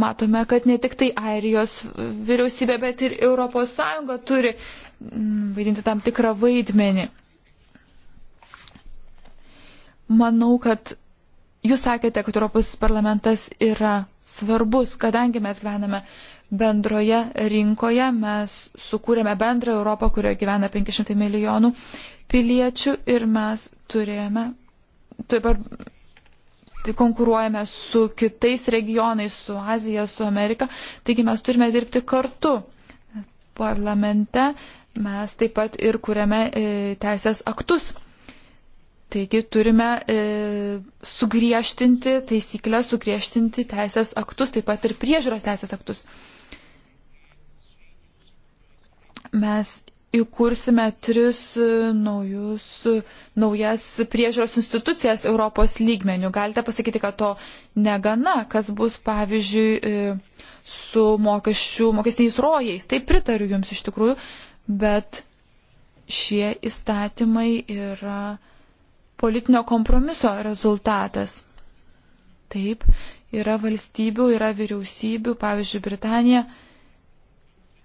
matome, kad ne tik tai Airijos vyriausybė, bet ir ES turi mm, vaidinti tam tikrą vaidmenį. Manau, kad jūs sakėte, kad Europos parlamentas yra svarbus, kadangi mes gyvename bendroje rinkoje, mes sukūrėme bendrą Europą, kurioje gyvena 500 milijonų piliečių ir mes turėjome, taip pat konkuruojame su kitais regionais, su Azija, su Amerika, taigi mes turime dirbti kartu. Parlamente mes taip pat ir kuriame e, teisės aktus. Taigi turime e, sugriežtinti taisyklę, sugriežtinti teisės aktus, taip pat ir priežiūros teisės aktus. Mes įkursime tris e, naujus, e, naujas priežiūros institucijas Europos lygmenių. Galite pasakyti, kad to negana, kas bus, pavyzdžiui, e, su mokesčių, mokestiniais rojais. Tai pritariu Jums iš tikrųjų, bet šie įstatymai yra politinio kompromiso rezultatas. Taip, yra valstybių, yra vyriausybių, pavyzdžiui, Britanija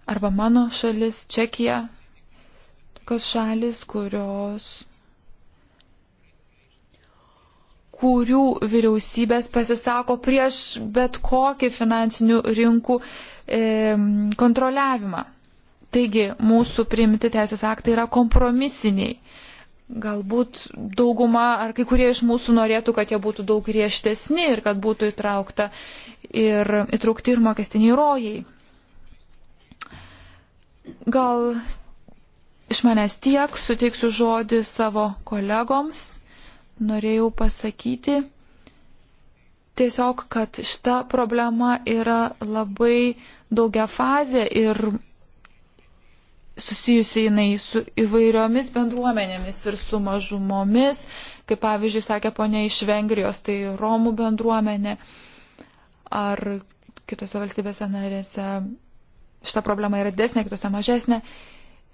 arba mano šalis, Čekija, Afrikos šalis, kurios kurių vyriausybės pasisako prieš bet kokį finansinių rinkų e, kontroliavimą. Taigi mūsų priimti teisės aktai yra kompromisiniai. Galbūt dauguma ar kai kurie iš mūsų norėtų, kad jie būtų daug griežtesni ir kad būtų įtraukta ir įtraukti ir mokestiniai rojai. Gal iš manęs tiek, suteiksiu žodį savo kolegoms. Norėjau pasakyti tiesiog, kad šita problema yra labai daugia fazė ir susijusi jinai su įvairiomis bendruomenėmis ir su mažumomis, kaip pavyzdžiui sakė ponia iš Vengrijos, tai Romų bendruomenė ar kitose valstybėse narėse šita problema yra desnė, kitose mažesnė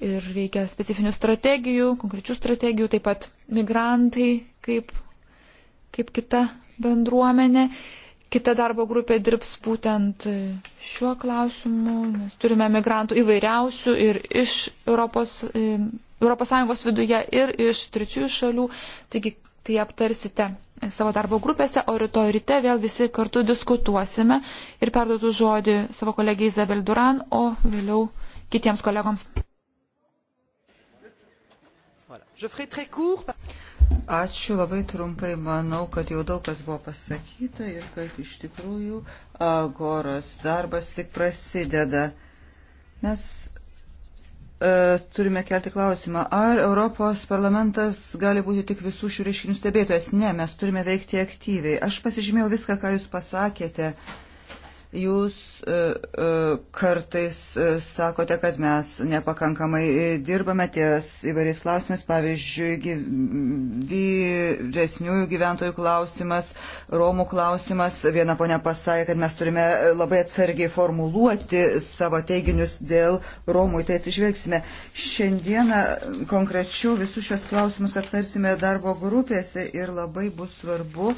ir reikia specifinių strategijų, konkrečių strategijų, taip pat migrantai kaip, kaip kita bendruomenė. Kita darbo grupė dirbs būtent šiuo klausimu, nes turime migrantų įvairiausių ir iš Europos, Europos Sąjungos viduje, ir iš trečiųjų šalių, taigi tai aptarsite savo darbo grupėse, o rytoj ryte vėl visi kartu diskutuosime ir perduotų žodį savo kolegijai Izabel Duran, o vėliau kitiems kolegoms. Ačiū labai trumpai, manau, kad jau daug kas buvo pasakyta ir kad iš tikrųjų agoros darbas tik prasideda. Mes e, turime kelti klausimą, ar Europos parlamentas gali būti tik visų šių reiškinių stebėtojas? Ne, mes turime veikti aktyviai. Aš pasižymėjau viską, ką jūs pasakėte. E, Jūs e, e, kartais e, sakote, kad mes nepakankamai dirbame ties įvairiais klausimais, pavyzdžiui, vyresniųjų gyventojų klausimas, Romų klausimas. Viena ponia pasakė, kad mes turime labai atsargiai formuluoti savo teiginius dėl Romų, tai atsižvelgsime. Šiandieną konkrečiau visus šios klausimus aptarsime darbo grupėse ir labai bus svarbu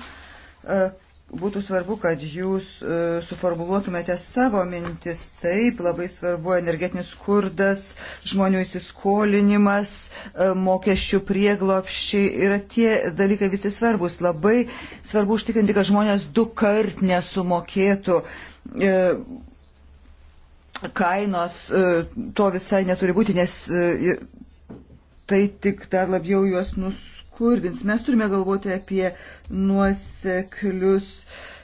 būtų svarbu, kad jūs e, suformuluotumėte savo mintis. Taip, labai svarbu energetinis skurdas, žmonių įsiskolinimas, e, mokesčių prieglopščiai yra tie dalykai visi svarbus. Labai svarbu užtikrinti, kad žmonės du kart nesumokėtų e, kainos, to visai neturi būti, nes tai tik dar labiau juos nusumokėtų skurdins. Mes turime galvoti apie nuoseklius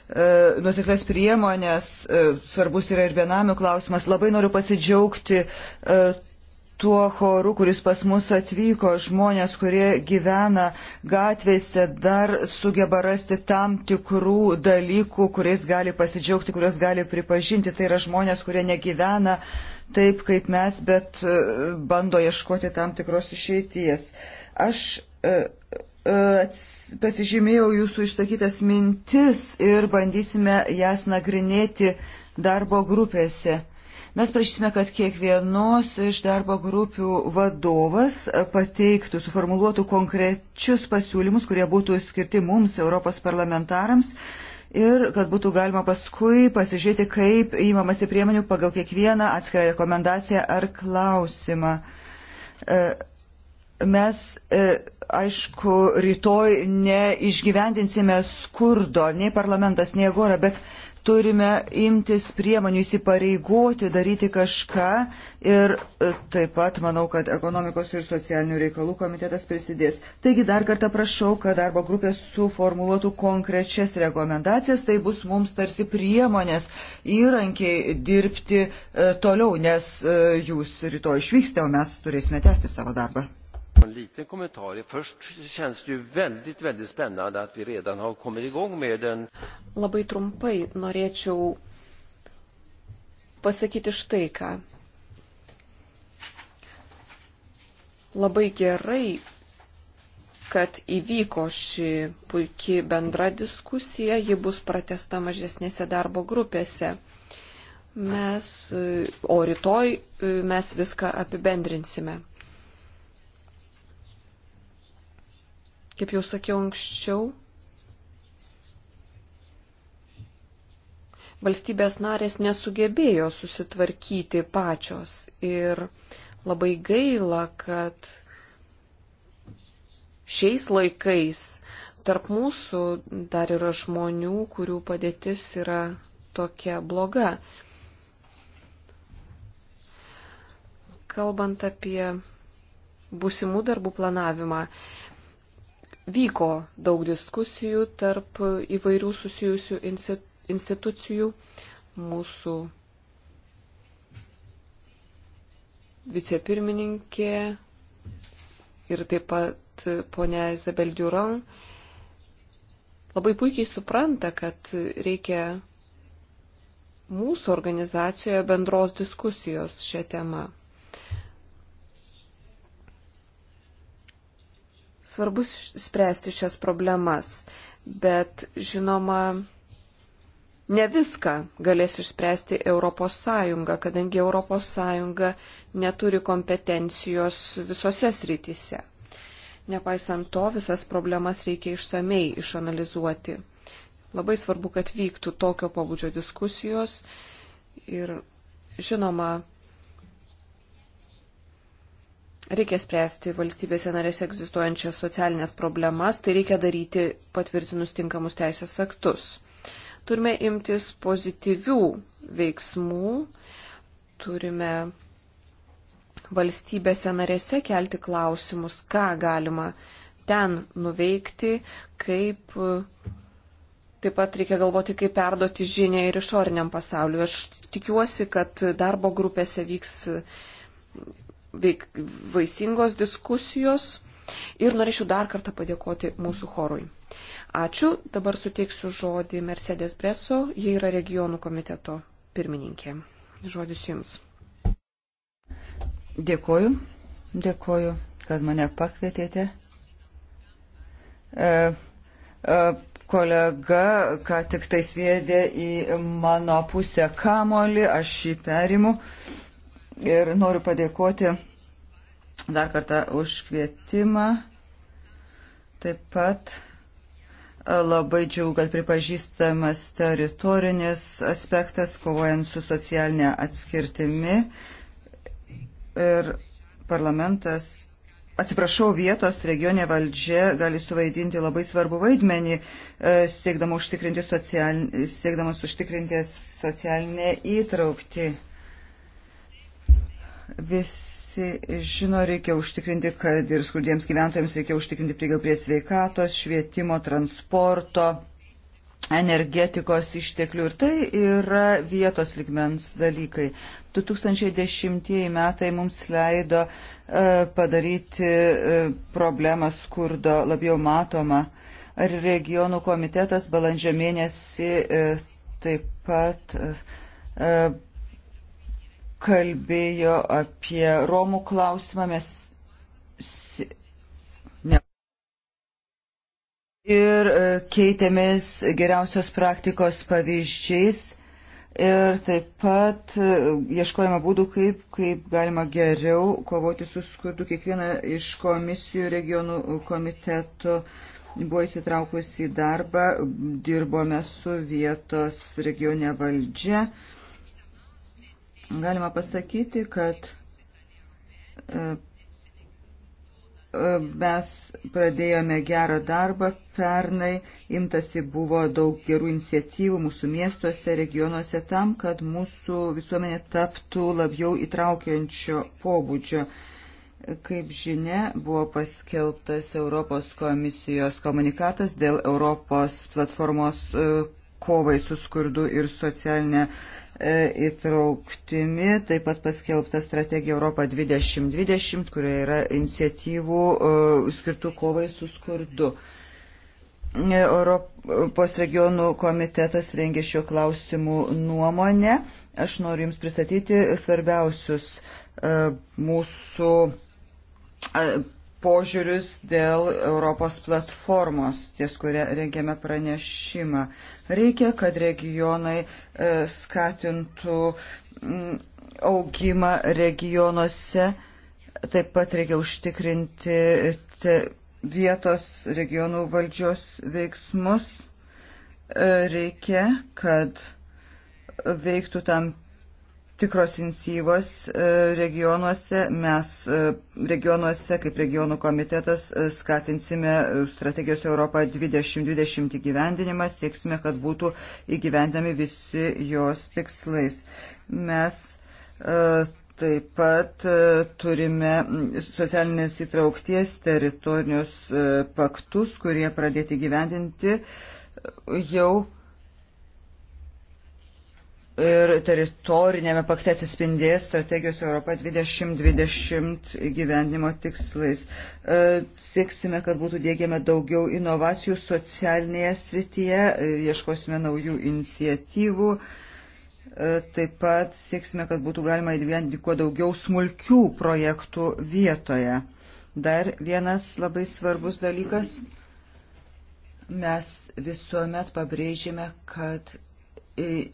e, nusekles priemonės, e, svarbus yra ir benamių klausimas. Labai noriu pasidžiaugti e, tuo choru, kuris pas mus atvyko, žmonės, kurie gyvena gatvėse, dar sugeba rasti tam tikrų dalykų, kuriais gali pasidžiaugti, kuriuos gali pripažinti. Tai yra žmonės, kurie negyvena taip, kaip mes, bet bando ieškoti tam tikros išeities. Aš pasižymėjau jūsų išsakytas mintis ir bandysime jas nagrinėti darbo grupėse. Mes prašysime, kad kiekvienos iš darbo grupių vadovas pateiktų, suformuluotų konkrečius pasiūlymus, kurie būtų skirti mums, Europos parlamentarams, ir kad būtų galima paskui pasižiūrėti, kaip įmamasi priemonių pagal kiekvieną atskirą rekomendaciją ar klausimą. E, mes, e, aišku, rytoj neišgyvendinsime skurdo, nei parlamentas, nei agora, bet turime imtis priemonių įsipareigoti, daryti kažką ir e, taip pat manau, kad ekonomikos ir socialinių reikalų komitetas prisidės. Taigi dar kartą prašau, kad darbo grupė suformuluotų konkrečias rekomendacijas, tai bus mums tarsi priemonės įrankiai dirbti e, toliau, nes jūs rytoj išvyksite, o mes turėsime tęsti savo darbą. En liten kommentar. Först känns det ju väldigt, väldigt spännande att vi redan har kommit igång med den. Labai trumpai norėčiau pasakyti štai ką. Labai gerai, kad įvyko ši puikiai bendra diskusija, ji bus pratesta mažesnėse darbo grupėse. Mes, o rytoj mes viską apibendrinsime. Kaip jau sakiau anksčiau, valstybės narės nesugebėjo susitvarkyti pačios ir labai gaila, kad šiais laikais tarp mūsų dar yra žmonių, kurių padėtis yra tokia bloga. Kalbant apie būsimų darbų planavimą, vyko daug diskusijų tarp įvairių susijusių institucijų. Mūsų vicepirmininkė ir taip pat ponia Izabel Duran labai puikiai supranta, kad reikia mūsų organizacijoje bendros diskusijos šią temą. Svarbus spręsti šias problemas, bet žinoma, ne viską galės išspręsti ES, kadangi ES neturi kompetencijos visose srityse. Nepaisant to, visas problemas reikia išsamei išanalizuoti. Labai svarbu, kad vyktų tokio pabudžio diskusijos ir, žinoma, Reikia spręsti valstybėse narėse egzistuojančias socialinės problemas, tai reikia daryti patvirtinus tinkamus teisės aktus. Turime imtis pozityvių veiksmų, turime valstybėse narėse kelti klausimus, ką galima ten nuveikti, kaip taip pat reikia galvoti, kaip perduoti žinę ir išoriniam pasauliu. Aš tikiuosi, kad darbo grupėse vyks veik, vaisingos diskusijos ir norėčiau dar kartą padėkoti mūsų chorui. Ačiū, dabar suteiksiu žodį Mercedes Breso, jie yra regionų komiteto pirmininkė. Žodis jums. Dėkoju, dėkoju, kad mane pakvietėte. E, e, kolega, ką tik tai sviedė į mano pusę kamolį, aš jį perimu. E, Ir noriu padėkoti dar kartą už kvietimą. Taip pat e, labai džiaugiu, kad pripažįstamas teritorinis aspektas, kovojant su socialinė atskirtimi. Ir parlamentas, atsiprašau, vietos regionė valdžia gali suvaidinti labai svarbu vaidmenį, e, siekdamas užtikrinti, socialinį, siekdamas užtikrinti socialinę įtraukti visi žino, reikia užtikrinti, kad ir skurdiems gyventojams reikia užtikrinti prieigą prie sveikatos, švietimo, transporto, energetikos išteklių ir tai yra vietos ligmens dalykai. 2010 metai mums leido e, padaryti e, problemą skurdo labiau matomą. Ar regionų komitetas balandžio mėnesį e, taip pat kalbėjo apie Romų klausimą. Mes ir e, keitėmis geriausios praktikos pavyzdžiais ir taip pat e, ieškojame būdų, kaip, kaip galima geriau kovoti su skurdu. Kiekviena iš komisijų regionų komitetų buvo įsitraukusi į darbą, dirbome su vietos regione valdžia galima pasakyti, kad e, e, mes pradėjome gerą darbą, pernai imtasi buvo daug gerų iniciatyvų mūsų miestuose, regionuose tam, kad mūsų visuomenė taptų labiau įtraukiančio pobūdžio. Kaip žinia, buvo paskelbtas Europos komisijos komunikatas dėl Europos platformos e, kovai su skurdu ir socialinė uh, E, įtrauktimi, taip pat paskelbta strategija Europa 2020, kurioje yra iniciatyvų e, skirtų kovai su skurdu. E, Europos regionų komitetas rengė šiuo klausimu nuomonę. Aš noriu Jums pristatyti svarbiausius mūsų požiūrius dėl Europos platformos, ties kurią rengėme pranešimą. Reikia, kad regionai e, skatintų mm, augimą regionuose, taip pat reikia užtikrinti vietos regionų valdžios veiksmus. E, reikia, kad veiktų tam tikros inicijuos e, regionuose. Mes e, regionuose, kaip regionų komitetas, e, skatinsime strategijos Europą 2020 įgyvendinimą, sieksime, kad būtų įgyvendami visi jos tikslais. Mes taip pat turime socialinės įtraukties teritorinius paktus, kurie pradėti gyvendinti jau ir teritorinėme pakte atsispindės strategijos Europa 2020 gyvenimo tikslais. E, sieksime, kad būtų dėgiame daugiau inovacijų socialinėje srityje, e, ieškosime naujų iniciatyvų. E, taip pat sieksime, kad būtų galima įgyvendinti kuo daugiau smulkių projektų vietoje. Dar vienas labai svarbus dalykas. Mes visuomet pabrėžime, kad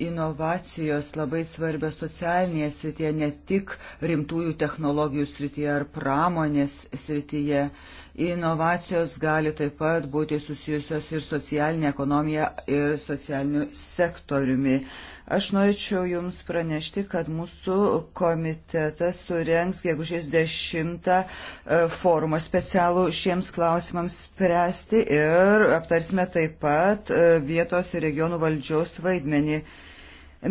inovacijos labai svarbios socialinėje srityje, ne tik rimtųjų technologijų srityje ar pramonės srityje. Inovacijos gali taip pat būti susijusios ir socialinė ekonomija, ir socialiniu sektoriumi. Aš norėčiau Jums pranešti, kad mūsų komitetas surengs gegužės 10 e, forumą specialų šiems klausimams spręsti ir aptarsime taip pat e, vietos ir regionų valdžios vaidmenį.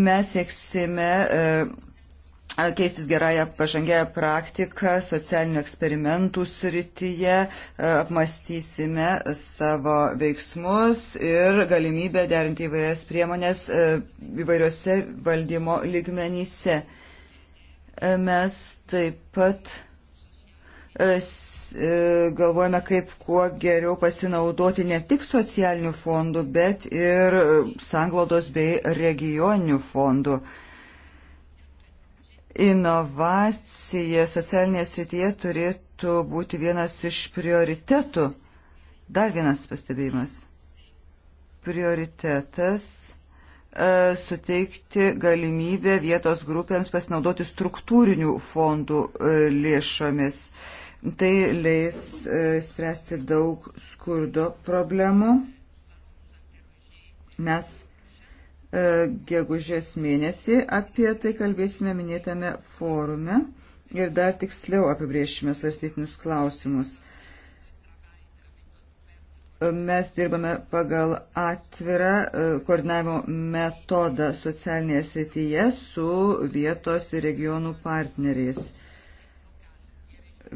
Mes sieksime e, keistis gerąją pažangę praktiką socialinių eksperimentų srityje, apmastysime savo veiksmus ir galimybę derinti įvairias priemonės įvairiose valdymo lygmenyse. Mes taip pat galvojame, kaip kuo geriau pasinaudoti ne tik socialinių fondų, bet ir sanglaudos bei regioninių fondų. Inovacija socialinėje srityje turėtų būti vienas iš prioritetų. Dar vienas pastebėjimas. Prioritetas e, suteikti galimybę vietos grupėms pasinaudoti struktūrinių fondų e, lėšomis. Tai leis e, spręsti daug skurdo problemų. Mes E, gegužės mėnesį. Apie tai kalbėsime minėtame forume ir dar tiksliau apibriešime svarstytinius klausimus. Mes dirbame pagal atvirą e, koordinavimo metodą socialinėje srityje su vietos ir regionų partneriais.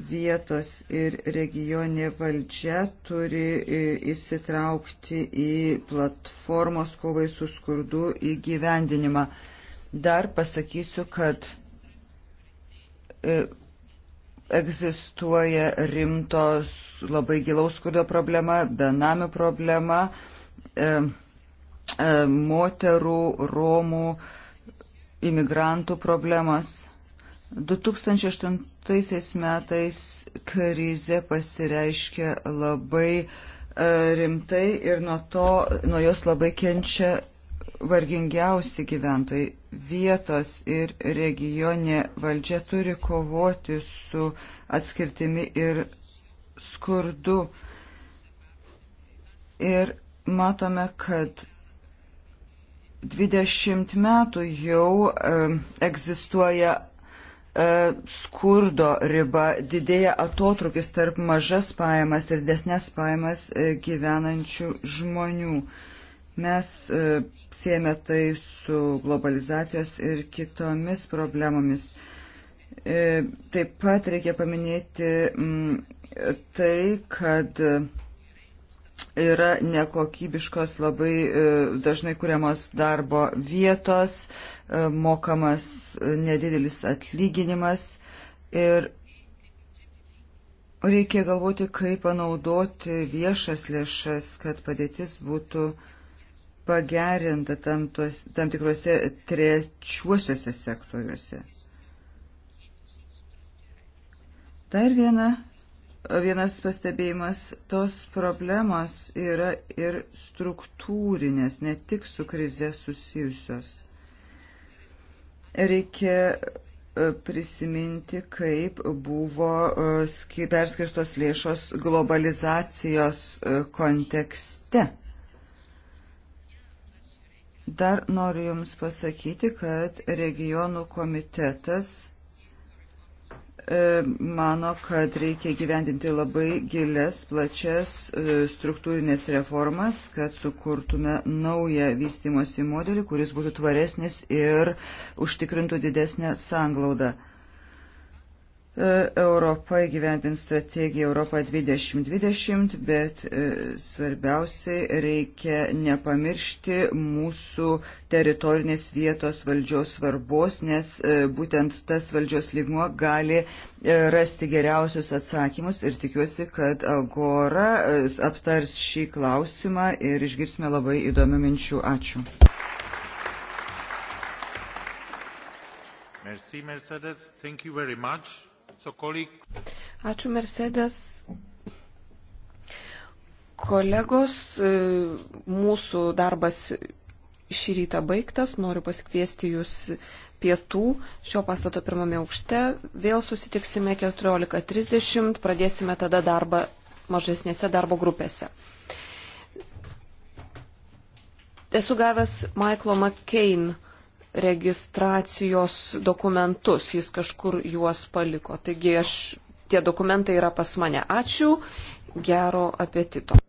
Vietos ir regioninė valdžia turi e, įsitraukti į platformos kovai su skurdu įgyvendinimą. Dar pasakysiu, kad e, egzistuoja rimtos labai gilaus skurdo problema, benamių problema, e, e, moterų, romų, imigrantų problemos. 2008 metais krizė pasireiškia labai e, rimtai ir nuo, to, nuo jos labai kenčia vargingiausi gyventojai. Vietos ir regionė valdžia turi kovoti su atskirtimi ir skurdu. Ir matome, kad 20 metų jau e, egzistuoja E, skurdo riba, didėja atotrukis tarp mažas pajamas ir desnes pajamas e, gyvenančių žmonių. Mes e, siejame tai su globalizacijos ir kitomis problemomis. Taip pat reikia paminėti tai, kad yra nekokybiškos, labai e, dažnai kuriamos darbo vietos, e, mokamas e, nedidelis atlyginimas ir reikia galvoti, kaip panaudoti viešas lėšas, kad padėtis būtų pagerinta tam, tuos, tam tikrose trečiuosiuose sektoriuose. Dar viena vienas pastebėjimas, tos problemos yra ir struktūrinės, ne tik su krize susijusios. Reikia e, prisiminti, kaip buvo e, perskirstos lėšos globalizacijos e, kontekste. Dar noriu Jums pasakyti, kad regionų komitetas E, mano, kad reikia gyvendinti labai gilias, plačias e, struktūrinės reformas, kad sukurtume naują vystimosi modelį, kuris būtų tvaresnis ir užtikrintų didesnę sanglaudą. E, Europa įgyvendins strategiją Europą 2020, bet e, svarbiausiai reikia nepamiršti mūsų teritorinės vietos valdžios svarbos, nes e, būtent tas valdžios lygmuo gali rasti geriausius atsakymus ir tikiuosi, kad Agora aptars šį klausimą ir išgirsime labai įdomių minčių. Ačiū. Merci, Mercedes. Thank you very much. Ačiū Mercedes. Kolegos, e, mūsų darbas šį rytą baigtas. Noriu pasikviesti jūs pietų šio pastato pirmame aukšte. Vėl susitiksime 14.30. Pradėsime tada darbą mažesnėse darbo grupėse. Esu gavęs Michaelo McCain registracijos dokumentus, jis kažkur juos paliko. Taigi aš, tie dokumentai yra pas mane. Ačiū, gero apetito.